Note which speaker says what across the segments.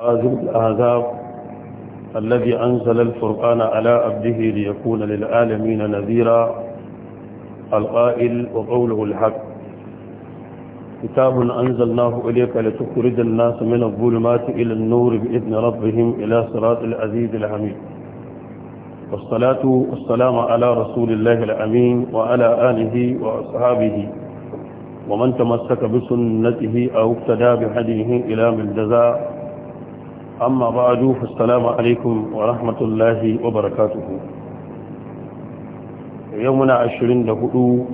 Speaker 1: عازم الآذاب الذي أنزل الفرقان على أبده ليكون للعالمين نذيرا القائل وقوله الحق كتاب أنزلناه إليك لتخرج الناس من الظلمات إلى النور بإذن ربهم إلى صراط العزيز الحميد والصلاة والسلام على رسول الله الأمين وعلى آله وأصحابه ومن تمسك بسنته أو اقتدى بهديه إلى من جزاء أما بعد فالسلام عليكم ورحمة الله وبركاته يومنا da hudu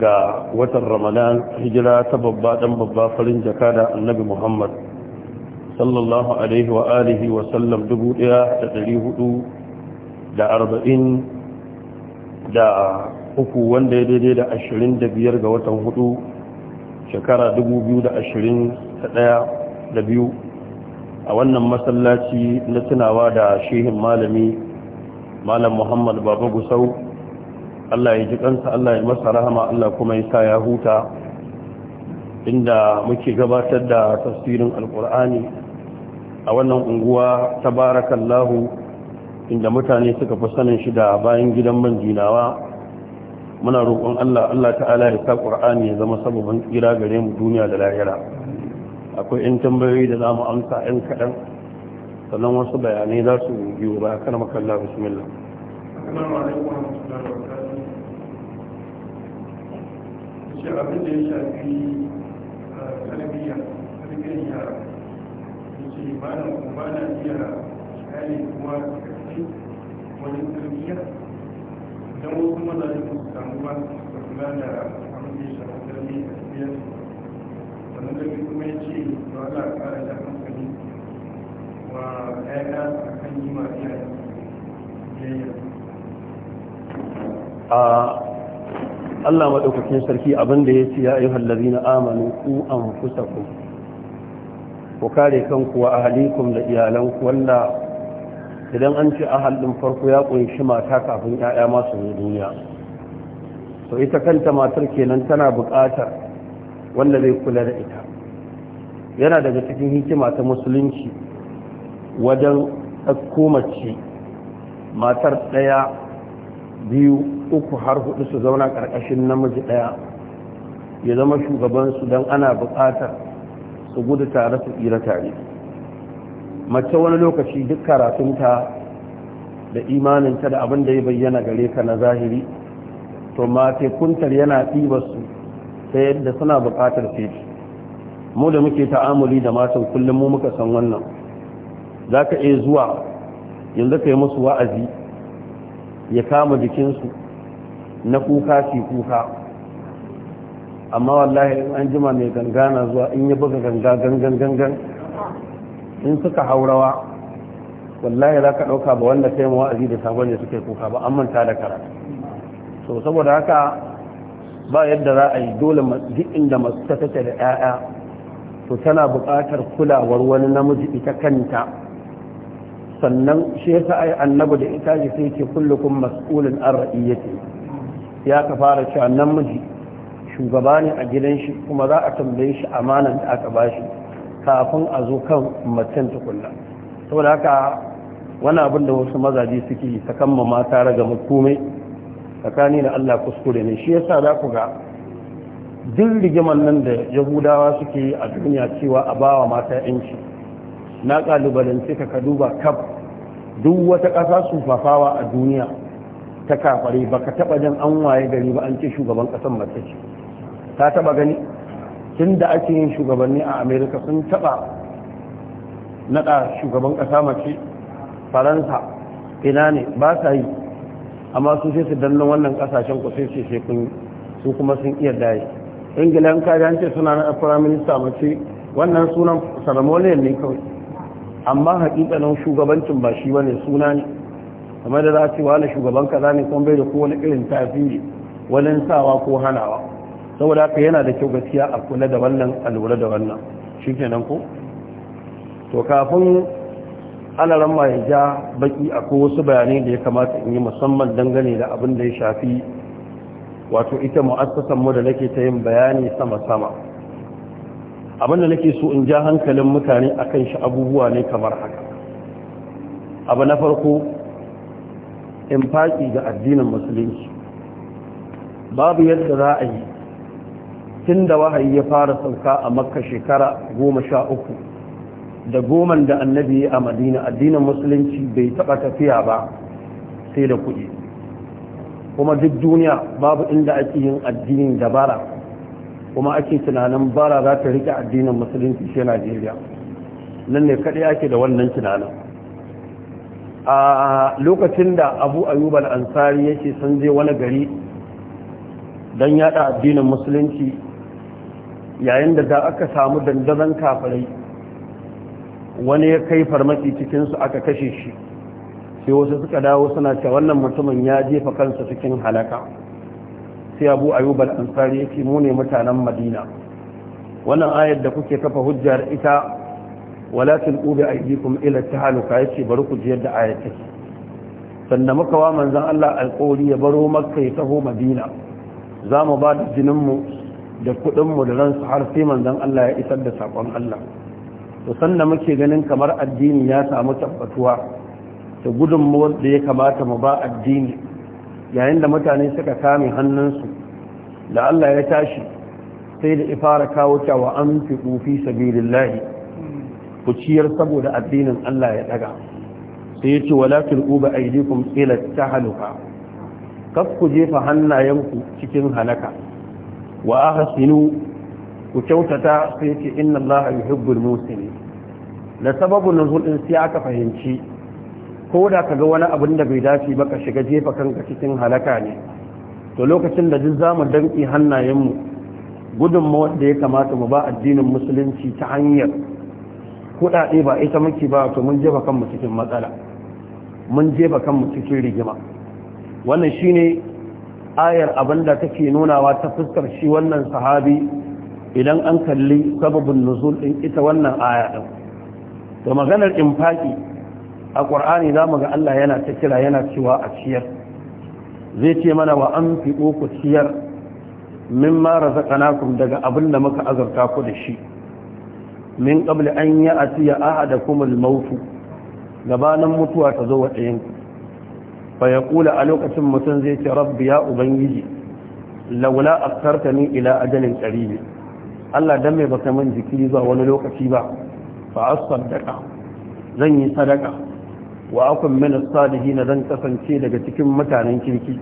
Speaker 1: ga watan ramadan hijira ta babba dan babba farin jaka da annabi muhammad sallallahu alaihi wa alihi wa sallam dubu da dari hudu da arba'in da uku wanda ya daidai da ashirin da biyar ga watan hudu shekara dubu da ashirin da da biyu a wannan masallaci na tunawa da shehin malami malam muhammad baba gusau allah ya ji kansa allah ya masa rahama allah kuma ya sa ya huta inda muke gabatar da tafsirin alkur'ani a wannan unguwa ta barakallahu inda mutane suka fi sanin shi da bayan gidan man jinawa muna roƙon allah allah ta'ala ya sa ƙur'ani ya zama sababin tsira gare mu duniya da lahira akwai 'yan tambayoyi da za mu amsa 'yan kaɗan sannan wasu bayanai za su biyu ba kan makalla bismillah abin da ya shafi ah, talibiyya tarbiyyar yara da ke bana kuma na iya shayari kuma karfi wajen talibiyya don wasu mazajen su samu ba su kula da abin da ya shafi kuma ya ce da Allah kara da hankali wa ɗaya a kan yi ma iyaye biyayya Allah maɗaukakin sarki abin da ya ce ya yi hallabi na amanu ku an kusa ku ku kare kanku wa ahalikum da iyalanku Wanda idan an ce ahal ɗin farko ya ƙunshi mata kafin ‘ya'ya masu ne duniya to ita kanta matar kenan tana buƙatar wanda zai kula da ita yana daga cikin hikima ta musulunci wajen ɗauko mace matar ɗaya biyu uku har hudu su zauna ƙarƙashin namiji ɗaya ya zama shugabansu don ana buƙatar su gudu tare su tsira tare mace wani lokaci duk karatunta da imaninta da abin da ya bayyana gare ka na zahiri to ma tekuntar yana ɗibarsu ta yadda suna buƙatar feci mu da muke ta'amuli da matan kullum mu muka san wannan za ka iya zuwa yanzu ka yi musu wa'azi ya kama jikinsu na kuka fi kuka amma wallahi in an jima mai gangana zuwa in ya buga ganga gangan gangan in suka haurawa wallahi za ka ɗauka ba wanda kai wa'azi da sabon ne suke kuka ba an manta da kara so saboda haka ba yadda za a yi dole duk inda masu ta da 'ya'ya to tana buƙatar kulawar wani namiji ita kanta sannan shi yasa ai annabi da ita ji sai ke kullukum mas'ulun an ra'iyyati ya ka fara cewa namiji shugaba ne a gidan shi kuma za a tambaye shi amanan da aka bashi kafin a zo kan macen tukunna saboda haka wani abin da wasu mazaje suke yi sakamma mata raga mutume tsakani da Allah kuskure ne shi yasa za ku ga duk rigimar nan da yahudawa suke yi a duniya cewa a bawa mata yanci na kalubalance ka duba kaf duk wata ƙasa fafawa a duniya ta kafare ba ka taɓa jan an waye gari ba an ce shugaban ƙasan mace ce ta taɓa gani tun da ake yin shugabanni a amerika sun taɓa naɗa shugaban ƙasa mace faransa ina ne ba sa yi amma su sai su dannan wannan ƙasashen ku sai ce sai kun su kuma sun iya daye ingila in ce suna na prime minister mace wannan sunan ceremonial ne kawai amma hakikanin shugabancin ba shi bane suna ne kamar da za ce wani shugaban kaza ne kuma bai da kowane irin tasiri wajen sawa ko hanawa saboda haka yana da kyau gaskiya a kula da wannan a lura da wannan shikenan ko to kafin alaran ma ya ja baki akwai wasu bayanai da ya kamata in yi musamman dangane da abin da ya shafi wato ita mu'assasan mu da nake ta yin bayani sama-sama abin da nake so in ja hankalin mutane akan shi abubuwa ne kamar haka abu na farko in faƙi ga addinin musulunci babu yadda za a yi tun da wahayi ya fara sauka a makka shekara goma sha uku da goman da annabi a madina addinin musulunci bai taɓa tafiya ba sai da kuɗi kuma duk duniya babu inda ake yin addinin da bara kuma ake tunanin bara za ta rike addinin musulunci shi najeriya nan ne kaɗai ake da wannan tunanin a lokacin da abu ayyub al-ansari yake sun je wani gari don yada addinin musulunci yayin da za aka samu dandazon kafirai wani ya kai farmaki cikinsu aka kashe shi sai wasu suka dawo suna ce wannan mutumin ya jefa kansa cikin halaka sai abu ayyub al-ansari yake mu ne mutanen madina wannan ayar da kuke kafa hujjar ita walakin ubi aydikum ila tahaluka yace bari ku jiyar da ayar sannan muka wa manzon Allah alƙawari ya baro makka ya taho madina za mu ba da jinin mu da kuɗin mu da ransu har sai manzon Allah ya isar da sakon Allah to sannan muke ganin kamar addini ya samu tabbatuwa da gudunmuwar da ya kamata mu ba addini yayin da mutane suka kame hannunsu da Allah ya tashi sai da ifara kawo cewa an fi ƙufi sabilillahi ku ciyar saboda addinin Allah ya ɗaga. sai ya ce wala tulquba aydikum ta tahaluka kaf ku jefa hannayenku cikin halaka wa sinu ku kyautata sai ya ce inna Allah yuhibbul muslimin la sababu nuzul sai aka fahimci ko da ka ga wani abin da bai dace ba ka shiga jefa kanka cikin halaka ne to lokacin da duk zamu danki hannayenmu gudunmawar da ya kamata mu ba addinin musulunci ta hanyar kuɗaɗe ba ita muke ba to mun jefa kanmu cikin matsala mun jefa kanmu cikin rigima wannan shine ayar abin da take nunawa ta fuskar shi wannan sahabi idan an kalli sababin nuzul din ita wannan aya din to maganar infaki a ƙwar'ani za mu ga Allah yana ta kira yana cewa a ciyar zai ce mana wa an fi ku ciyar min mara zaƙanakun daga abin da muka azurta ku da shi min ƙabli an yi a tiya aha kuma mautu gabanin mutuwa ta zo waɗayenku fa ya ƙula a lokacin mutum zai ce rabbi ya ubangiji laula aktarta ni ila ajalin ƙaribi Allah dan mai baka min jiki zuwa wani lokaci ba fa asfar daga zan yi sadaka wa akwai min as-salihin zan kasance daga cikin mutanen kirki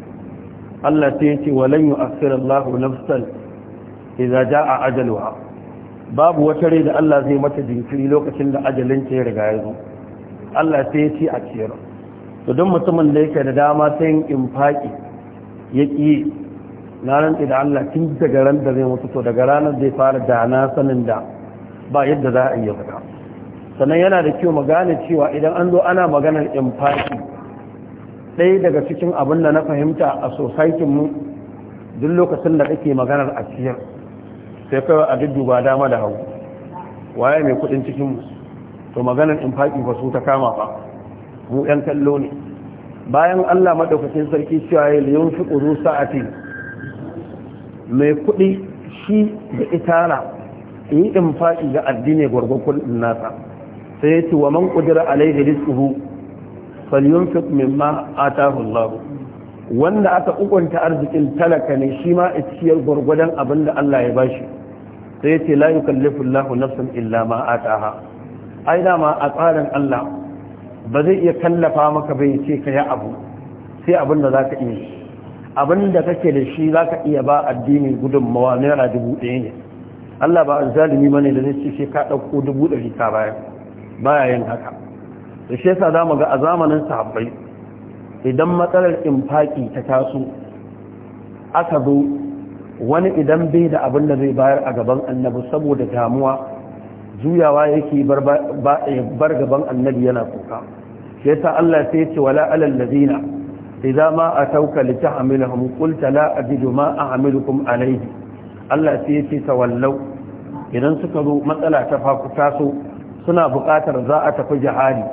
Speaker 1: Allah sai yace walan yu'akhir Allah nafsan idza a ajalwa. babu wata rai da Allah zai mata jinkiri lokacin da ajalin ta ya riga ya zo Allah sai ce a ciyar to don mutumin da yake da dama sai yin ya yaki na ran da Allah tun daga ran da zai mutu to daga ranar zai fara da na sanin da ba yadda za a iya fita sannan yana da kyau mu gane cewa idan an zo ana maganar infaki ɗaya daga cikin abin da na fahimta a society mu duk lokacin da kake maganar a ciyar sai kawai a dudduba dama da hau waye mai kudin cikin mu to maganar infaki ba su ta kama fa mu yan kallo ne bayan Allah madaukakin sarki cewa ya yi fi ƙuru sa'ati mai kudi shi da itara yi infaki ga addini gwargwakon nasa sai yace wa man qudira alaihi rizquhu falyunfiq mimma atahu Allah wanda aka ukunta arzikin talaka ne shi ma icciyar gurgudan abin da Allah ya bashi sai yace la yukallifu Allahu nafsan illa ma ataha ai dama a tsarin Allah ba zai iya kallafa maka bai ce ka yi abu sai abin da zaka iya abin da kake da shi zaka iya ba addinin gudunmawa naira dubu ɗaya ne Allah ba zalimi bane da zai ce ka ɗauko dubu ɗari ka bayar baya yin haka da shi yasa zamu ga a zamanin sahabbai idan matsalar infaki ta taso aka zo wani idan bai da abin da zai bayar a gaban annabi saboda damuwa juyawa yake bar gaban annabi yana kuka shi yasa Allah sai ya ce wala alal ladina idza ma atauka litahmiluhum qulta la ajidu ma a'milukum alayhi Allah sai ya ce tawallau idan suka zo matsala ta ku taso suna buƙatar za a tafi jihadi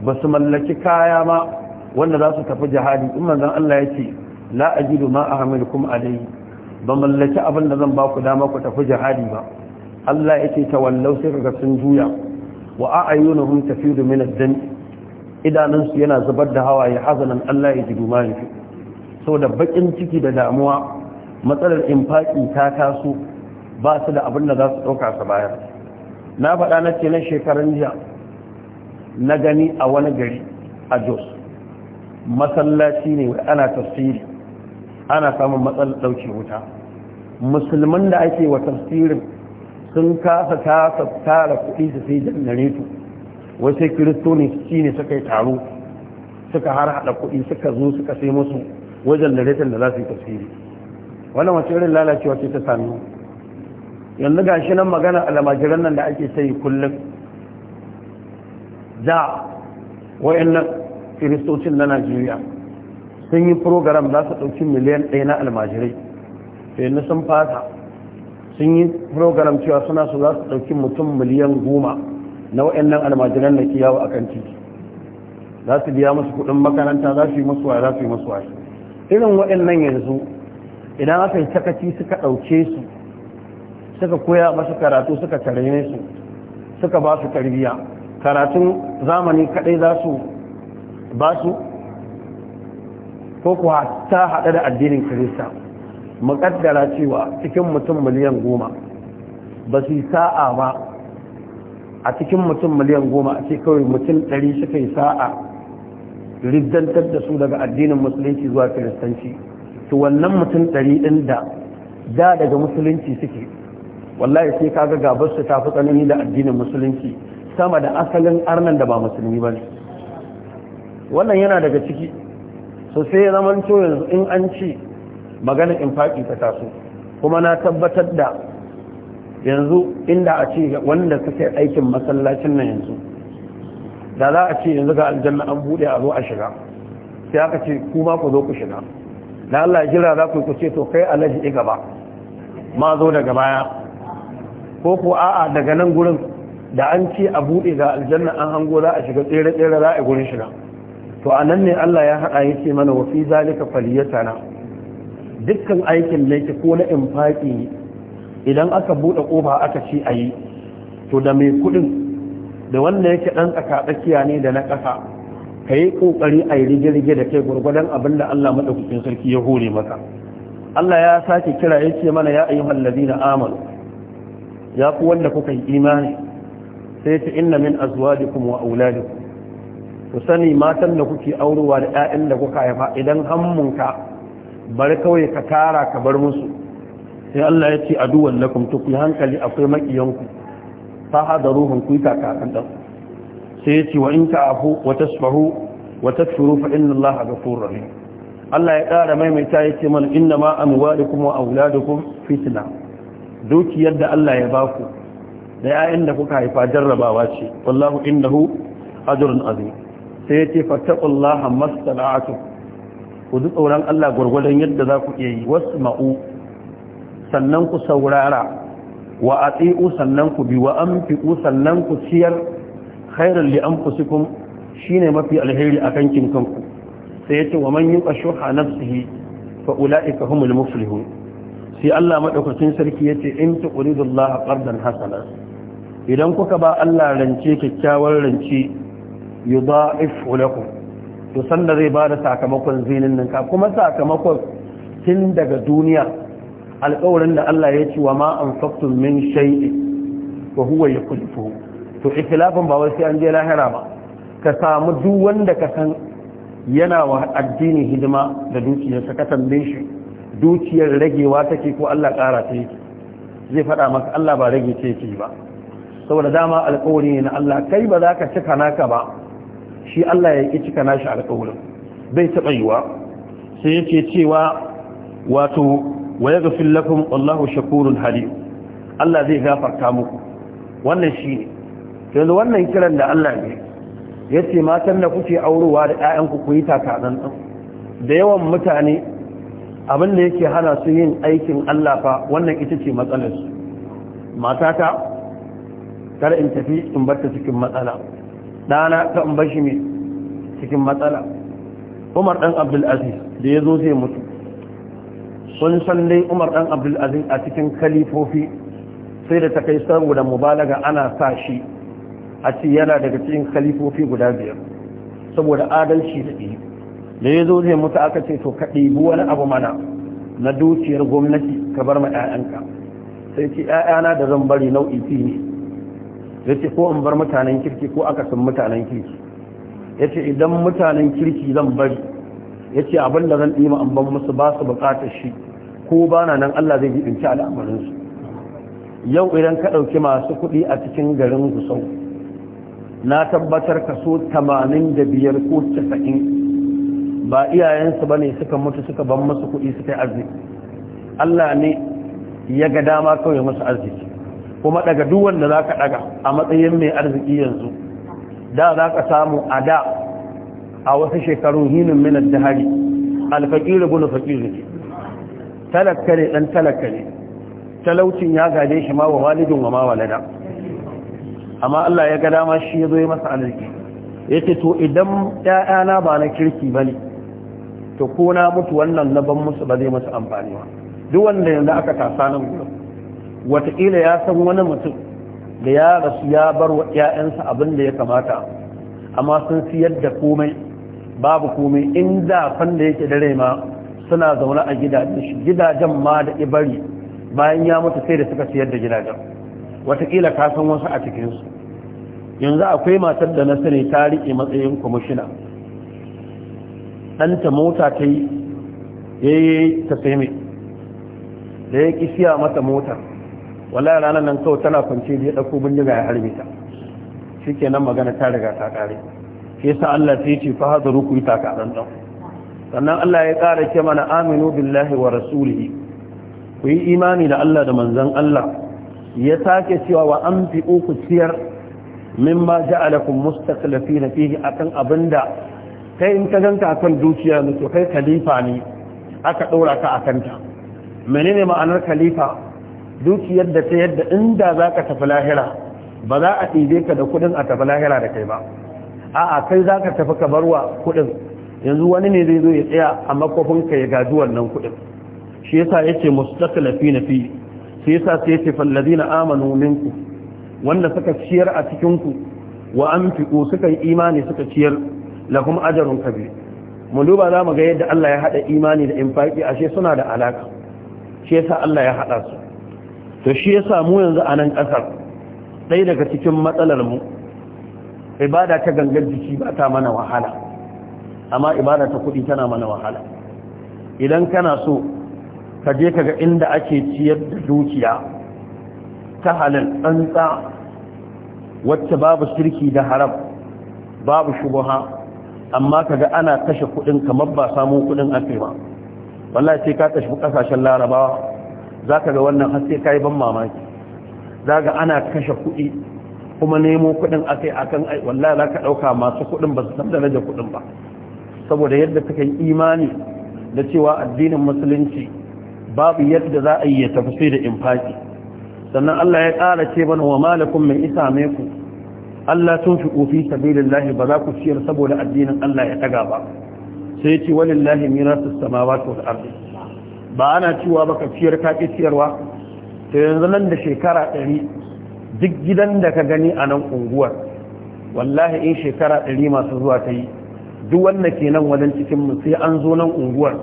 Speaker 1: ba su mallaki kaya ma wanda za su tafi jihadi in manzan Allah ya ce la kuma ma ahmilukum alayhi ba mallaki abin da zan ba ku dama ku tafi jihadi ba Allah ya ce wallau sai kaga sun juya wa a'yunuhum tafidu min ad-dam idanun idanunsu yana zubar da hawaye hazanan Allah ya jidu ma sau saboda bakin ciki da damuwa matsalar infaki ta taso ba su da abin da za su ɗauka su bayar na faɗa na ce na shekarun jiya na gani a wani gari a jos masallaci ne ana tafsiri ana samun matsalar ɗauke wuta musulman da ake wa tafsirin sun kasa kasa tara kuɗi su sai janareto wasu kiristoni shi ne suka yi taro suka har haɗa kuɗi suka zo suka sai musu wajen da da za su yi tafsiri wannan wace irin lalacewa ce ta sami yanzu ga shi nan magana almajiran nan da ake sai kullum da nan kiristocin na najeriya sun yi program za su ɗauki miliyan ɗaya na almajirai yanzu sun fata sun yi program cewa suna su za su ɗauki mutum miliyan goma na nan almajiran da ke yawo a kan titi za su biya musu kuɗin makaranta za su yi musu waye za su yi musu waye irin wayannan yanzu idan aka yi sakaci suka ɗauke su suka koya masu karatu suka tarbe su suka ba su tarbiya karatun zamani kadai za su ba su ko kuwa ta haɗa da addinin kirista muƙaddara cewa cikin mutum miliyan goma ba su yi sa'a ba a cikin mutum miliyan goma a ce kawai mutum ɗari suka yi sa'a riddantar da su daga addinin musulunci zuwa kiristanci to wannan mutum ɗari ɗin da daga musulunci suke wallahi sai kaga gabar su ta tsanani da addinin musulunci sama da asalin arnan da ba musulmi ba wannan yana daga ciki so sai ya zama yanzu in an ci magana faki ta taso kuma na tabbatar da yanzu inda a ce wanda suke aikin masallacin nan yanzu da za a ce yanzu ga aljanna an bude a zo a shiga sai aka ce kuma ku zo ku shiga da Allah jira za ku ku ce to kai alaji gaba ma zo daga baya ko ko a'a daga nan gurin da an ce a buɗe ga aljanna an hango za a shiga tsere tsere za a gurin shiga to a nan ne Allah ya haɗa ya ce mana wafi zalika faliyata na dukkan aikin da yake ko na infaki idan aka buɗe ƙofa aka ci a yi to da mai kuɗin da wanda yake ɗan tsaka tsakiya ne da na ƙasa ka yi ƙoƙari a yi rige-rige da kai gwargwadon abin da Allah maɗaukakin sarki ya hore maka Allah ya sake kira ya ce mana ya ayyuhan ladina amanu ya ku wanda kuka yi imani sai ta inna min azwajikum wa auladikum ku sani matan da kuke aurewa da 'ya'yan da kuka haifa idan hammunka bari kawai ka tara ka bar musu sai Allah ya ce aduwan lakum to ku hankali akwai makiyanku fa hadaruhum ku ta kakan dan sai ya ce wa in ta'fu wa tasfahu wa tadfuru fa inna Allah ghafurur rahim Allah ya ƙara maimaita yace ce mana inna ma amwalukum wa auladukum fitna dukiyar da Allah ya baku da ya'yan da kuka haifa jarrabawa ce wallahu innahu ajrun azim sai yace fattaqullaha mastata'tu ku ji tsoron Allah gurgurdan yadda za ku iya yi wasma'u sannan ku saurara wa ati'u sannan ku bi wa anfiqu sannan ku ciyar khairan li anfusikum shine mafi alheri akan kinkanku sai yace wa man yuqashu nafsihi fa ulaika humul muflihun sai Allah maɗaukacin sarki yace in tuqridullaha ƙardan hasana idan kuka ba Allah rance kyakkyawar rance yudha'ifu lakum to sanda zai ba da sakamakon zinin nan ka kuma sakamakon tun daga duniya alƙawarin da Allah ya ce wa ma anfaqtum min shay'in wa huwa yukhlifu to ikhlafin ba wai sai an je lahira ba ka samu duk wanda ka san yana wa addini hidima da dukiyarsa ka tambaye shi dukiyar ragewa take ko Allah ƙara ta yake zai faɗa maka Allah ba rage ce yake ba saboda dama alƙawari ne na Allah kai ba za ka cika naka ba shi Allah ya ki cika nashi alƙawarin bai taɓa yi wa. sai yake cewa wato wa yaghfir lakum wallahu shakurun Hali, Allah zai gafarta muku wannan shi ne yanzu wannan kiran da Allah ne yace matan da kuke aurowa da 'ya'yanku ku yi taka nan da yawan mutane abin da yake hana su yin aikin Allah fa wannan ita ce matsalarsu matata kar in tafi in barta cikin matsala dana ta in bashi mai cikin matsala umar ɗan abdulaziz da ya zo zai mutu sun san dai umar ɗan abdulaziz a cikin kalifofi sai da ta kai saboda mubalaga ana sa shi a ce yana daga cikin kalifofi guda biyar saboda adalci da ɗaya da ya zo zai mutu aka ce to ka ɗibi wani abu mana na dukiyar gwamnati ka bar ma 'ya'yanka sai ce 'ya'yana da zan bari nau'i fi ne ya ce ko an bar mutanen kirki ko aka sun mutanen kirki ya ce idan mutanen kirki zan bari ya ce abin da zan ɗima an ban musu ba su buƙatar shi ko ba na nan Allah zai jibinci al'amarinsu yau idan ka ɗauki masu kuɗi a cikin garin gusau na tabbatar ka kaso 85 ko 90 ba iyayensu ba ne suka mutu suka ban musu kuɗi suka yi arziki Allah ne ya ga dama kawai musu arziki kuma daga duk wanda za ka daga a matsayin mai arziki yanzu da za ka samu a da a wasu shekaru hinin minar da alfaƙiri guna faƙiri ne talakka ne ɗan ne talaucin ya gaje shi ma wa walidin wa ma walada amma Allah ya ga dama shi ya zo ya masa arziki Yake to idan ‘ya'yana ba na kirki ba ne to ko na mutu wannan na ban musu ba zai masu amfani ba duk wanda yanzu aka tasa nan gurin wataƙila ya san wani mutum da ya rasu ya bar wa ‘ya'yansa abin da ya kamata amma sun siyar da komai babu komai in da fanda yake da ma suna zaune a gidajen shi gidajen ma da ibari bayan ya mutu sai da suka siyar da gidajen wataƙila ka san wasu a cikinsu yanzu akwai matar da na sani ta riƙe matsayin kwamishina ɗanta mota ta yi ya yi ta sai da ya ƙi siya mata mota wala ranar nan kawai tana kwance da ya ɗauko bindiga ya harbe ta shi nan magana ta riga ta ƙare Ke sa Allah sai ce fa hazaru ku yi taka ɗan ɗan sannan Allah ya ƙara ce mana aminu billahi wa rasulihi ku yi imani da Allah da manzon Allah ya sake cewa wa an fi uku ciyar mimma ja'alakum mustaqlifina fihi akan abinda kai in ka ganka akan dukiya ne to kai khalifa ne aka ɗora ka a kanta menene ma'anar khalifa dukiyar da ta yadda inda za ka tafi lahira ba za a ɗibe ka da kuɗin a tafi lahira da kai ba a'a kai za ka tafi ka barwa kuɗin yanzu wani ne zai zo ya tsaya a makofin ka ya gaji wannan kuɗin shi yasa yace mustaqlafi nafi fi shi yasa sai yace fallazina amanu minku wanda suka ciyar a cikin ku wa anfiqu suka yi imani suka ciyar lahum ajrun kabir mu duba za mu ga yadda Allah ya haɗa imani da infaki ashe suna da alaka shi yasa Allah ya haɗa su to shi yasa mu yanzu a nan kasar ɗaya daga cikin matsalar mu ibada ta gangar jiki ba ta mana wahala amma ibada ta kuɗi tana mana wahala idan kana so ka je kaga inda ake ciyar da dukiya ta halal tsantsa wacce babu shirki da haram babu shubuha amma kaga ana kashe kuɗin kamar ba samun kuɗin ake ba wallahi sai ka tashi kasashen larabawa za ka ga wannan har ka yi ban mamaki za ga ana kashe kuɗi kuma nemo kuɗin akai akan ai wallahi za ka ɗauka masu kuɗin ba su san da rage kuɗin ba saboda yadda suka yi imani da cewa addinin musulunci babu yadda za a yi ya tafi sai da infaki sannan Allah ya ƙara ce mana wa malakum mai isa ku Allah tun fi ƙofi ofi sabilillahi ba za ku ciyar saboda addinin Allah ya taga ba sai ya ce walillahi mirasu samawati wal sama ba su ba ana cewa ba ka ciyar ka ki ciyarwa to yanzu nan da shekara 100 duk gidan da ka gani a nan unguwar wallahi in shekara 100 masu zuwa ta yi duk wanda ke nan wajen cikin mu sai an zo nan unguwar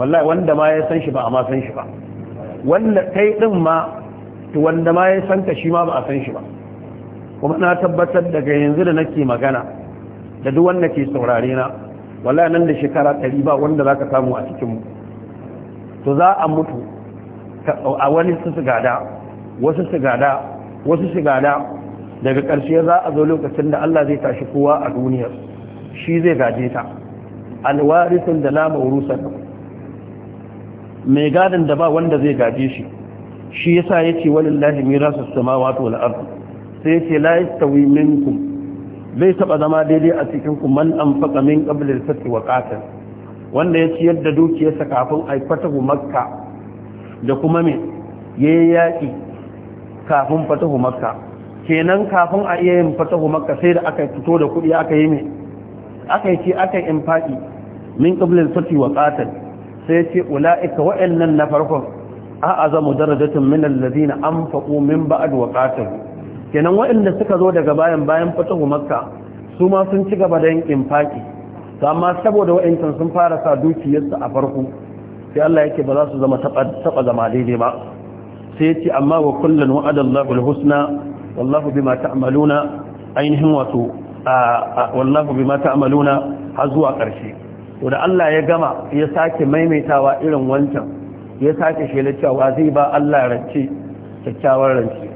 Speaker 1: wallahi wanda ma ya san shi ba a ma san shi ba wanda kai din ma to wanda ma ya san ka shi ma ba a san shi ba kuma na tabbatar daga yanzu da nake magana da duk wanda ke saurare na wallahi nan da shekara ɗari ba wanda za ka samu a cikinmu to za a mutu a wani su sigada wasu sigada wasu sigada daga ƙarshe za a zo lokacin da Allah zai tashi kowa a duniyar shi zai gaje ta alwarisin da la maurusa mai gadin da ba wanda zai gaje shi shi yasa yace walillahi mirasus samawati wal ardh sai ce la yastawi minkum bai taba zama daidai a cikin ku man faka min qabl al wa qatal wanda ya ciyar da dukiyarsa kafin a fatahu makka da kuma me yi yaki kafin fatahu makka kenan kafin a iya yin fatahu makka sai da aka fito da kuɗi aka yi me aka yi ce aka yi infaki min qabl al wa qatal sai ce ula'ika wa'annan na farkon a azamu darajatin min alladhina anfaqu min ba'd wa qatalu kenan waɗanda suka zo daga bayan bayan fatahu makka su ma sun ci gaba da yin infaki amma saboda waɗancan sun fara sa dukiyarsu a farko sai Allah yake ba za su zama taɓa zama daidai ba sai yace amma wa kullun wa'adallahu alhusna wallahu bima ta'maluna ainihin wato wallahu bima ta'maluna har zuwa karshe to da Allah ya gama ya sake maimaitawa irin wancan ya sake shela cewa zai ba Allah rance kyakkyawar rance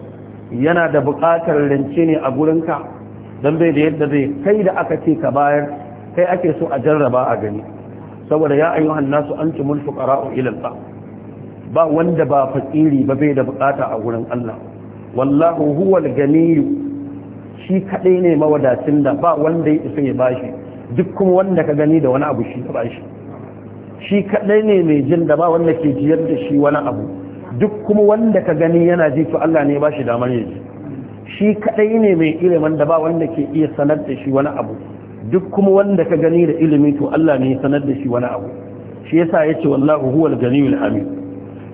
Speaker 1: yana da buƙatar rance ne a gurinka don bai da yadda zai kai da aka ce ka bayar kai ake so a jarraba a gani saboda ya ayyuhan nasu an ci mulku qara'u ila ba wanda ba fakiri ba bai da buƙata a gurin Allah wallahu huwal ganiyyu shi kadai ne mawadacin da ba wanda ya isa ya bashi duk kuma wanda ka gani da wani abu shi ka bashi shi kadai ne mai jin da ba wanda ke jiyar da shi wani abu duk kuma wanda ka gani yana ji to Allah ne ba shi damar yaji. shi kadai ne mai ilimin da ba wanda ke iya sanar da shi wani abu duk kuma wanda ka gani da ilimi to Allah ne sanar da shi wani abu shi yasa yace wallahu huwal ganiyul amin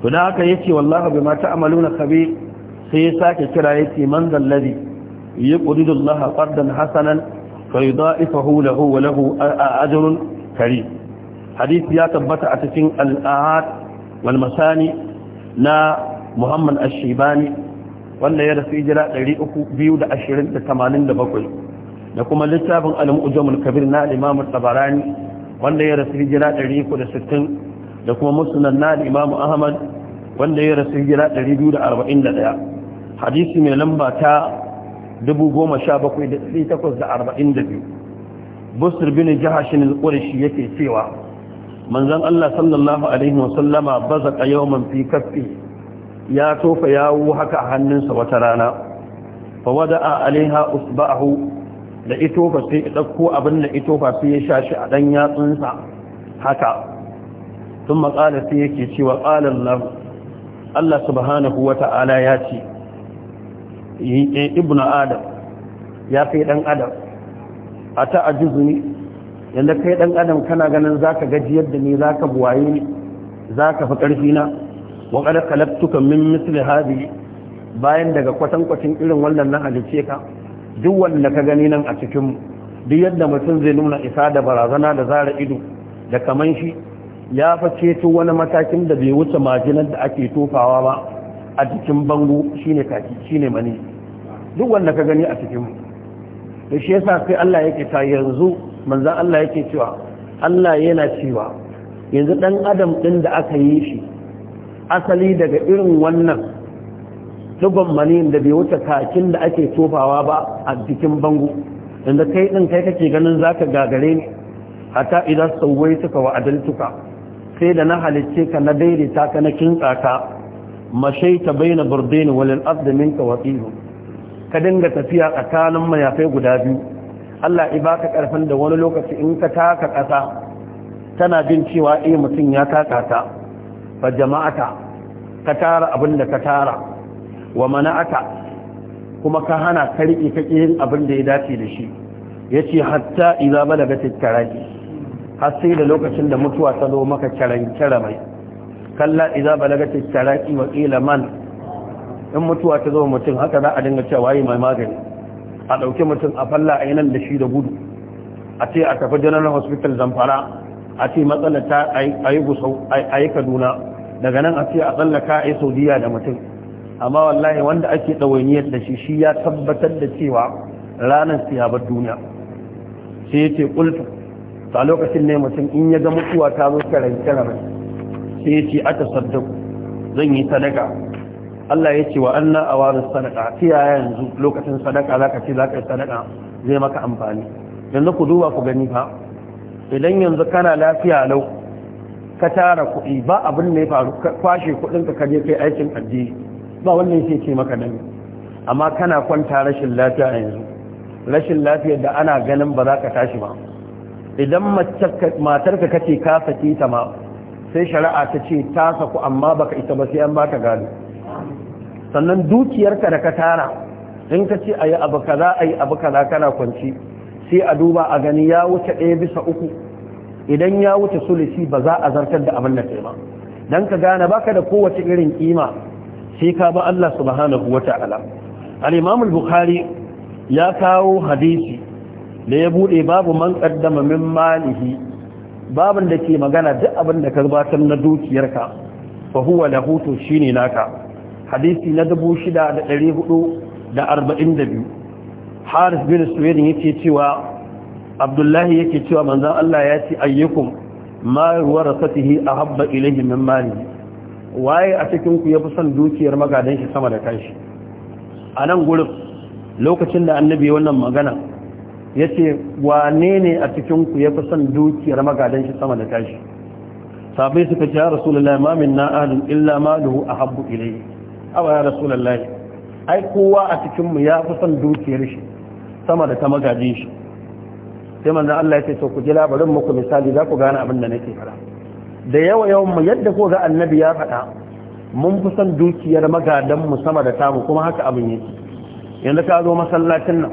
Speaker 1: to dan haka yace wallahu bima ta'maluna khabir sai ya sake kira yace man zal ladhi yuqridu Allah qardan hasanan fayudaifahu lahu wa lahu ajrun karim hadith ya tabbata a cikin al-ahad wal masani na muhammad ashibani wanda ya rasu hijira 327 da kuma littafin al-mu'jamul kabir na al-imam tabarani wanda ya rasu hijira 360 da kuma musnad na al-imam ahmad wanda ya rasu hijira 241 hadisi mai lamba ta da 842 busr bin jahashin al-qurashi yake cewa manzon Allah sallallahu alaihi wasallama bazaka yawman fi kaffi ya tofa yawo haka a hannunsa wata rana fa wada'a alaiha usba'ahu da itofa sai ya dauko abin da itofa sai ya shashi a dan yatsunsa haka thumma qala sai yake cewa qala Allah Allah subhanahu Ta'ala ya ce eh, ibnu adam ya fi dan adam ata ajuzuni yanda kai dan adam kana ganin zaka gaji yadda ni zaka buwaye ni zaka fi karfi na wa qad khalaqtuka min misli hadhi bayan daga kwatan kwatin irin wannan na halice ka duk wanda ka gani nan a cikin mu duk yadda mutum zai nuna isa da barazana da zara ido da kaman shi ya fa ceto wani matakin da bai wuce majinar da ake tofawa ba a cikin bango shine kaki shine mani duk wanda ka gani a cikin mu da shi yasa sai Allah yake ta yanzu manzan Allah yake cewa Allah yana cewa yanzu ɗan adam ɗin da aka yi shi asali daga irin wannan ɗigon maniyin da bai wuce kakin da ake tofawa ba a jikin bango inda kai ɗin kai kake ganin za ka gagare ne hata idan sauwai suka wa adaltuka sai da na halicce ka na daidaita ka na kintsa ka mashaita bai na burdaini walin arda ka wa ka dinga tafiya tsakanin mayafai guda biyu Allah ya baka karfin da wani lokaci in ka taka kasa tana jin cewa eh mutum ya taka ta fa jama'ata ka tara abin da ka tara wa mana'ata kuma ka hana ka rike kake yin abin da ya dace da shi yace hatta idza balagat at-taraki har sai da lokacin da mutuwa ta zo maka karan mai kalla idza balagat at-taraki wa qila man in mutuwa ta zo mutum haka za a dinga cewa yi mai magani a ɗauki mutum a falla a nan da shi da gudu a ce a tafi general hospital zamfara a ce matsala ta a yi kaduna daga nan a ce a tsallaka a yi saudiya da mutum amma wallahi wanda ake ɗawainiyar da shi shi ya tabbatar da cewa ranar siyabar duniya sai ya ce kultu a lokacin ne mutum in ya ga mutuwa ta zo karance sai ya ce a ta zan yi sadaka Allah ya ce wa anna warin sadaka tiya yanzu lokacin sadaka zaka ce zaka yi sadaka zai maka amfani yanzu ku duba ku gani fa idan yanzu kana lafiya lau ka tara kuɗi ba abin da ya faru kwashe kuɗin ka kaje kai aikin addini ba wannan sai ce maka nan amma kana kwanta rashin lafiya yanzu rashin lafiyar da ana ganin ba za ka tashi ba idan matarka kace ka saki ta ma sai shari'a ta ce ta saku amma baka ita ba sai an baka gado sannan dukiyarka da ka tara in ka ce a yi abu kaza a yi abu kaza kana kwanci sai a duba a gani ya wuce ɗaya bisa uku idan ya wuce sulisi ba za a zartar da abin da kai ba dan ka gane baka da kowace irin kima sai ka ba Allah subhanahu wata'ala al-Imam al-Bukhari ya kawo hadisi da ya bude babu man qaddama min malihi babin da ke magana duk abin da ka gabatar na dukiyarka fa huwa lahu to shine naka hadisi na dubu shida da da da hudu arba'in biyu, haris bin suwedin yake cewa abdullahi yake cewa manzan Allah ya ce ayyukum ma a habba ilayhi min mali waye a cikin ku fi son dukiyar magadan shi sama da kanshi a nan gurin lokacin da annabi wannan magana ce wane ne a cikin ku fi son dukiyar magadan shi sama da kanshi sabai suka ce ya rasulullahi ma na ahadin illa maluhu habbu ilayhi awa ya rasulallahi ai kowa a cikinmu ya fi son dukiyar shi sama da ta magajin shi sai manzan Allah ya ce to ku ji labarin muku misali za ku gane abin da nake fara da yawa yawan mu yadda ko ga annabi ya faɗa mun fi son dukiyar magadan mu sama da tamu kuma haka abin yake yanzu ka zo masallacin nan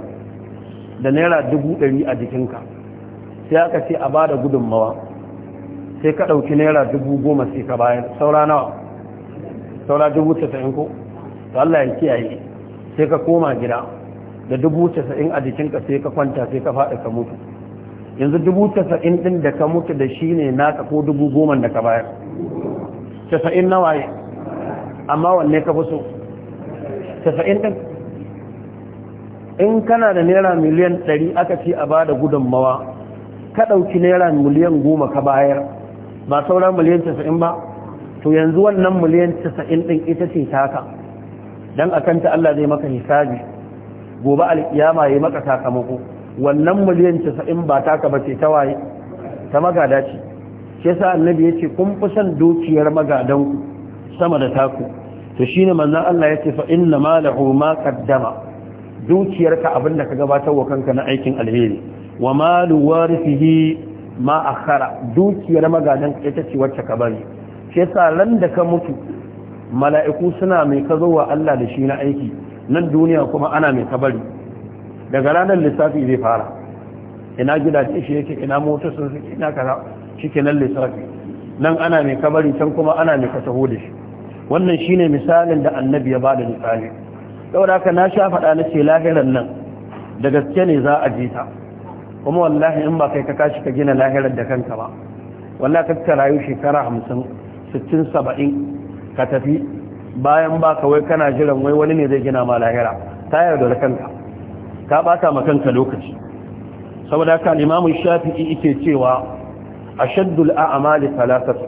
Speaker 1: da naira dubu ɗari a jikinka sai aka ce a bada da gudunmawa sai ka ɗauki naira dubu goma sai ka bayar saura nawa saura dubu casa'in ko to Allah ya kiyaye sai ka koma gida da dubu casa'in a jikinka sai ka kwanta sai ka faɗi ka mutu yanzu dubu casa'in ɗin da ka mutu da shi ne naka ko dubu goma da ka bayar casa'in nawa ne amma wanne ka fi so casa'in ɗin in kana da naira miliyan ɗari aka ce a bada gudunmawa ka ɗauki naira miliyan goma ka bayar ba saura miliyan casa'in ba to yanzu wannan miliyan 90 din ita ce taka dan akan ta Allah zai maka hisabi gobe alkiyama yayi maka sakamako wannan miliyan 90 ba taka bace ta waye ta magada ce shi yasa annabi yace kun fi san dukiyar magadan sama da taku to shine manzon Allah yace fa inna malahu ma qaddama dukiyarka abinda ka gabatar wa kanka na aikin alheri wa malu warithihi ma akhara dukiyar magadan ita ce wacce ka bari shi yasa ran da ka mutu mala'iku suna mai ka wa Allah da shi na aiki nan duniya kuma ana mai kabari daga ranar lissafi zai fara ina gidaje shi yake ina motar sun suke ina kaza Cikin nan lissafi nan ana mai kabari can kuma ana mai ka taho da shi wannan shine misalin da annabi ya bada misali saboda haka na sha faɗa na ce lahiran nan da gaske ne za a ji ta kuma wallahi in ba kai ka kashi ka gina lahirar da kanka ba wallahi ka rayu shekara hamsin 60 70 ka tafi bayan ba kawai kana jiran wai wani ne zai gina ma lahira ta yarda da kanka ka bata ma kanka lokaci saboda ka, limamin shafi'i ike cewa ashaddul a'mali thalathatu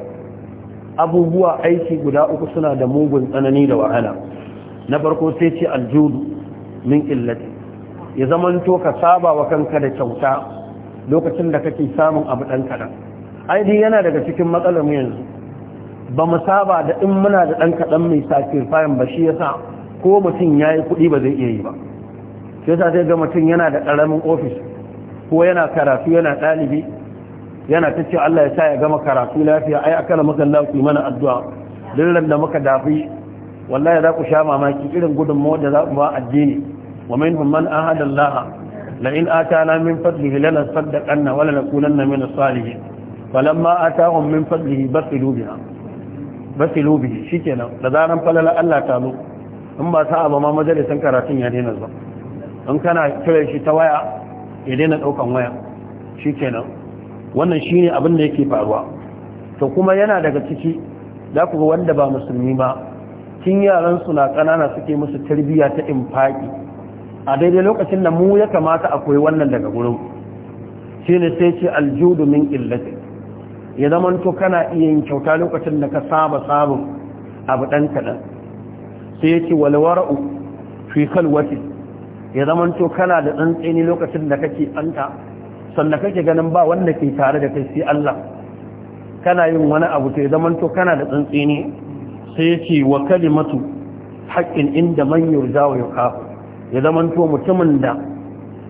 Speaker 1: abubuwa aiki guda uku suna da mugun tsanani da wahala na farko sai ce aljudu min illati ya zamanto ka saba wa kanka da kyauta lokacin da kake samun abu dan kadan ai yana daga cikin matsalar mu yanzu ba mu saba da in muna da ɗan kaɗan mai sacrifice ba shi yasa ko mutum ya yi kuɗi ba zai iya yi ba shi yasa sai ga mutum yana da ƙaramin ofis ko yana karatu yana ɗalibi yana ta ce Allah ya sa ya gama karatu lafiya ai akala muka lafi mana addu'a dillan da muka dafi wallahi za ku sha mamaki irin gudunmawar da za ku ba addini wa minhum man ahada Allah لئن آتانا من فضله لنصدقن ولنكونن من الصالحين فلما آتاهم من فضله بخلوا بها basilu shi kenan da zaran falala Allah ta zo in ba sa ba ma majalisan karatun ya daina zuwa in kana kiran shi ta waya ya daina daukan waya shi kenan wannan shine abin da yake faruwa to kuma yana daga ciki za ku ga wanda ba musulmi ba tun yaran su na kanana suke musu tarbiyya ta infaki a daidai lokacin da mu ya kamata akwai wannan daga gurin shine sai ce aljudu min illati ya zamanto kana iya yin kyauta lokacin da ka saba sabon abu ɗan kaɗan sai ya ce walwara'u fi kalwati ya zamanto kana da tsantsini lokacin da kake tsanta sannan kake ganin ba wanda ke tare da kai sai Allah kana yin wani abu to ya zamanto kana da tsantsini sai ya wa kalimatu haƙƙin inda man yurza wa ya zamanto mutumin da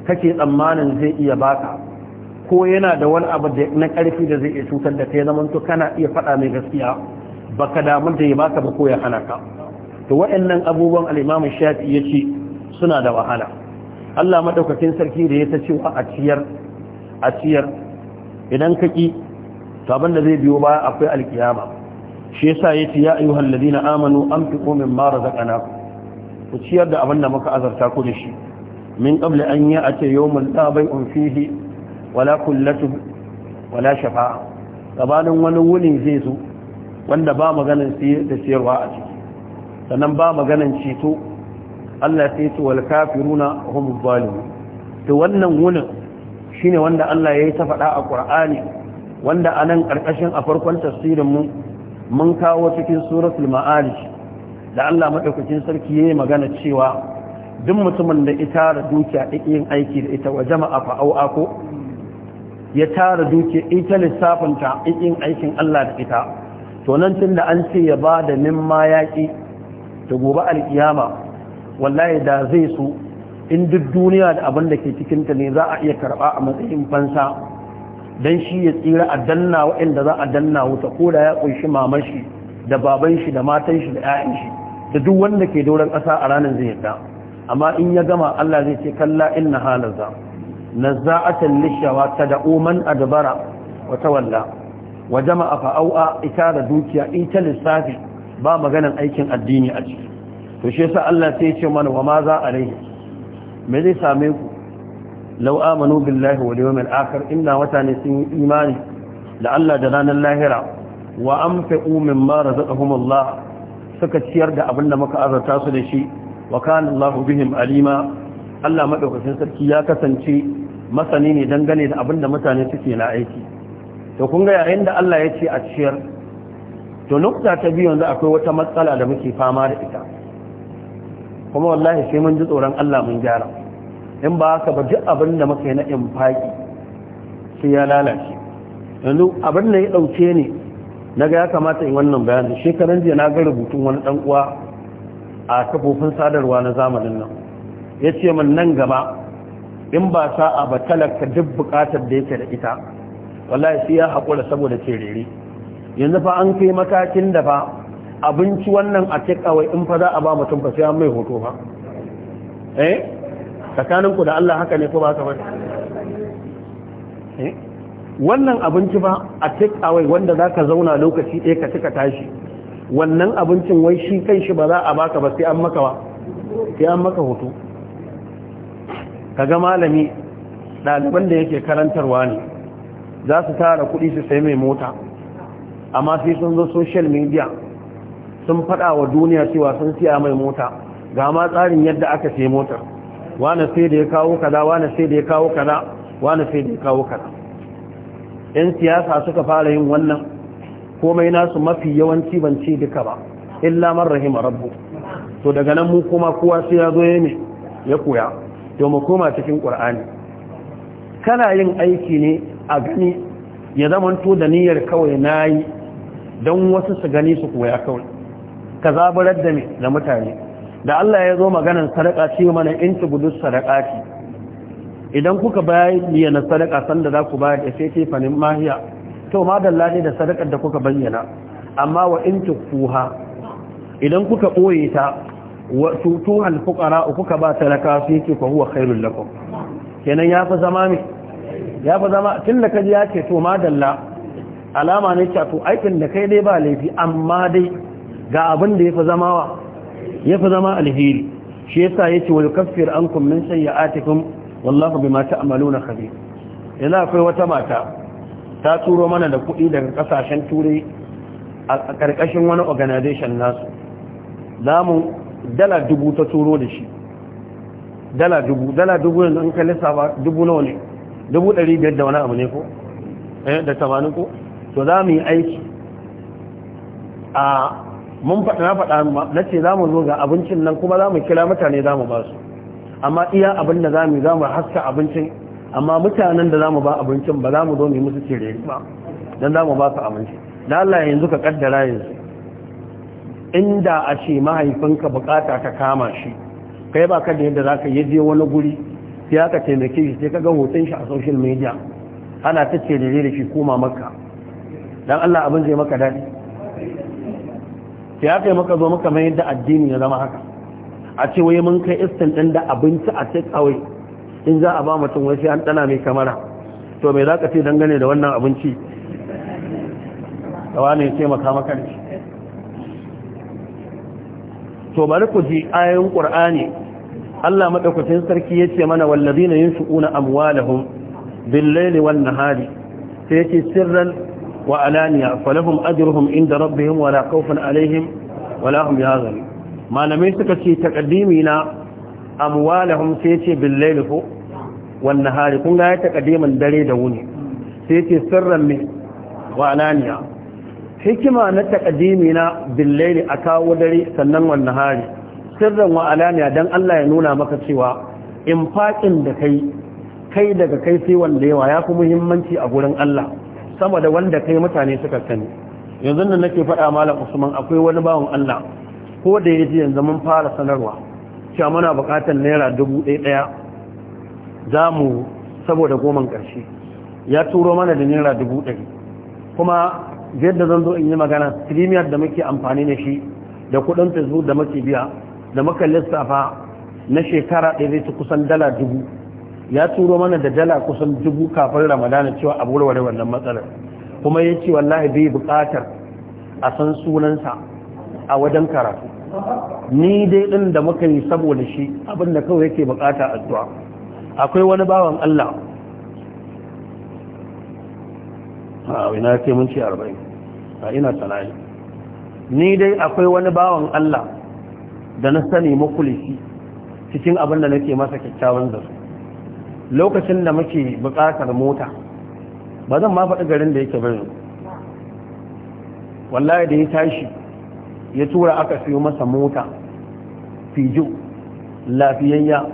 Speaker 1: kake tsammanin zai iya baka ko yana da wani abu na ƙarfi da zai iya cutar da kai zaman to kana iya faɗa mai gaskiya baka damar da ya baka ba ko ya hana ka to waɗannan abubuwan al-Imam Shafi yace suna da wahala Allah madaukakin sarki da ya ta cewa a ciyar a ciyar idan ka ki to abin da zai biyo baya akwai alkiyama shi yasa yace ya ayyuhal ladina amanu anfiqu mimma razaqnakum ku ciyar da abin da muka azarta ku da shi min qabli an ya'ti yawmun la bay'un fihi wala kullatu wala shafa'a gabanin wani wunin zai zo wanda ba maganan da siyarwa a ciki sannan ba maganan ceto Allah sai ce wal kafiruna hum zalimun to wannan wunin shine wanda Allah yayi ta faɗa a Qur'ani wanda anan karkashin a farkon tafsirin mu mun kawo cikin suratul ma'arij da Allah madaukakin sarki yayi magana cewa duk mutumin da ita da dukiya yin aiki da ita wa jama'a fa'au'a ko ya tara duke ita lissafin ta ikin aikin Allah da ita to nan tun da an ce ya ba da mimma yaƙi ta gobe alkiyama wallahi da zai so in duk duniya da abin da ke cikinta ne za a iya karɓa a matsayin fansa don shi ya tsira a danna waɗanda za a danna wuta ko da ya ƙunshi maman shi da baban shi da matan shi da 'ya'yan shi da duk wanda ke doron ƙasa a ranar zai yadda amma in ya gama Allah zai ce kalla inna halar nazza'atan lishawa tad'u man adbara wa tawalla wa jama'a fa au'a ita da dukiya ita lissafi ba maganan aikin addini a ciki to shi yasa Allah sai ya ce mana wa ma za alaihi me zai same ku law amanu billahi wal yawmil akhir inna watani sun imani da Allah da ranar lahira wa anfiqu mimma razaqahum Allah suka ciyar da abin da muka azarta su da shi wa kana Allah bihim alima Allah madaukakin sarki ya kasance masani ne dangane da abinda mutane suke na aiki to kun ga yayin da Allah ya ce a ciyar to nukta ta biyu yanzu akwai wata matsala da muke fama da ita kuma wallahi sai mun ji tsoron Allah mun gyara in ba haka ba duk abin da na infaki sai ya lalace yanzu abin da ya dauke ne na ga ya kamata in wannan bayanin shekaran jiya na ga rubutun wani dan uwa a kafofin sadarwa na zamanin nan ya ce min nan gaba in ba sa'a ba talaka duk bukatar da yake da ita wallahi sai ya haƙura saboda cerere yanzu fa an kai matakin da fa abinci wannan a away in fa za a ba mutum fa sai mai hoto fa eh tsakanin ku da Allah haka ne ko ba ka bari? eh wannan abinci ba a away wanda zaka zauna lokaci ɗaya ka tuka tashi wannan abincin wai shi kai shi ba za a baka ba sai an maka ba sai an maka hoto kaga malami ɗaliban da yake karantarwa ne za su tara kuɗi su sai mai mota amma sai sun zo social media sun faɗa wa duniya cewa sun siya mai mota ga ma tsarin yadda aka sai motar wane sai da ya kawo kaza wane sai da ya kawo kaza wane sai da ya kawo kaza yan siyasa suka fara yin wannan komai nasu mafi yawanci ban ci duka ba illa man rahima rabbu to daga nan mu kuma kowa sai ya zo ya ya koya to mu koma cikin qur'ani kana yin aiki ne a gani ya zamanto da niyyar kawai nayi dan wasu su gani su koya kawai ka zaburar da me da mutane da Allah ya zo maganar sadaka ce mana in tubudu sadaqati idan kuka bayyana sadaka sanda za ku bayar da sai ce fanin mahiya to ma dallade da sadakar da kuka bayyana amma wa in tukuha idan kuka ɓoye ta wa tutu hal fuqara kuka ba talaka su yake fa huwa khairul lakum kenan ya fa zama me ya fa zama tun da kaji ya ce to madalla alama ne cewa to aikin da kai dai ba laifi amma dai ga abin da ya fi zama wa ya fi zama alheri shi yasa yace wal kaffir ankum min sayyi'atikum wallahu bima ta'maluna khabir yanzu akwai wata mata ta turo mana da kuɗi daga kasashen turai a ƙarƙashin wani organization nasu mu. dala dubu ta turo da shi dala dubu dala dubu yanzu in ka lissafa dubu nawa ne dubu ɗari biyar da wani abu ne ko eh da tamanin ko to za mu yi aiki a mun faɗa na faɗa na ce za mu zo ga abincin nan kuma za mu kira mutane za mu ba su amma iya abin da za mu za mu haska abincin amma mutanen da za mu ba abincin ba za mu zo mu musu cire ba don za mu ba su abinci dan Allah yanzu ka kaddara yanzu inda a ce mahaifinka bukata ta kama shi kai ba ka da yadda za ka yi je wani guri sai aka taimake shi sai ka ga hoton shi a social media ana ta ce da shi koma maka dan Allah abin zai maka daɗi sai aka yi maka zo maka mai yadda addini ya zama haka a ce wai mun kai istin ɗin da abinci a take away in za a ba mutum wai sai an ɗana mai kamara to me za ka ce dangane da wannan abinci da wani ya taimaka maka da shi to bari ku ji ayoyin qur'ani Allah madaukakin sarki yace mana wallazina yunfiquna amwalahum bil-layli wan-nahari sai yace sirran wa alaniya falahum ajruhum inda rabbihim wala khawfun alaihim wala hum yahzanun malamai suka ce taqaddimi na amwalahum sai yace bil-layli ko wan-nahari kun ga ya taqaddimin dare da wuni sai yace sirran wa alaniya hikima na takadimi na billaili a kawo dare sannan wannan hari sirrin wa alaniya don Allah ya nuna maka cewa in infaƙin da kai kai daga kai sai wanda yawa ya fi muhimmanci a gurin Allah sama da wanda kai mutane suka sani yanzu nan nake faɗa malam Usman akwai wani bawan Allah ko da ya ji yanzu mun fara sanarwa cewa muna buƙatar naira dubu ɗaya za mu saboda goman ƙarshe ya turo mana da naira dubu ɗari kuma yadda zan zo in yi magana streamer da muke amfani da shi da kudin facebook da muke biya da muka lissafa na shekara ɗaya zai ci kusan dala dubu ya turo mana da dala kusan dubu kafin ramadana cewa a warware wannan matsalar kuma ya ce wallahi bai buƙatar a san sunansa a wajen karatu ni dai ɗin da muka yi saboda shi abinda kawai yake buƙata addu'a akwai wani bawan Allah ina ce mun ce arba'in a ina sana'i ni dai akwai wani bawan Allah da na sani makulisi cikin abin da nake masa kyakkyawan zasu lokacin da muke bukatar mota ba zan ma faɗi garin da yake birnin wallahi da ya tashi ya tura aka siyo masa mota fijo lafiyayya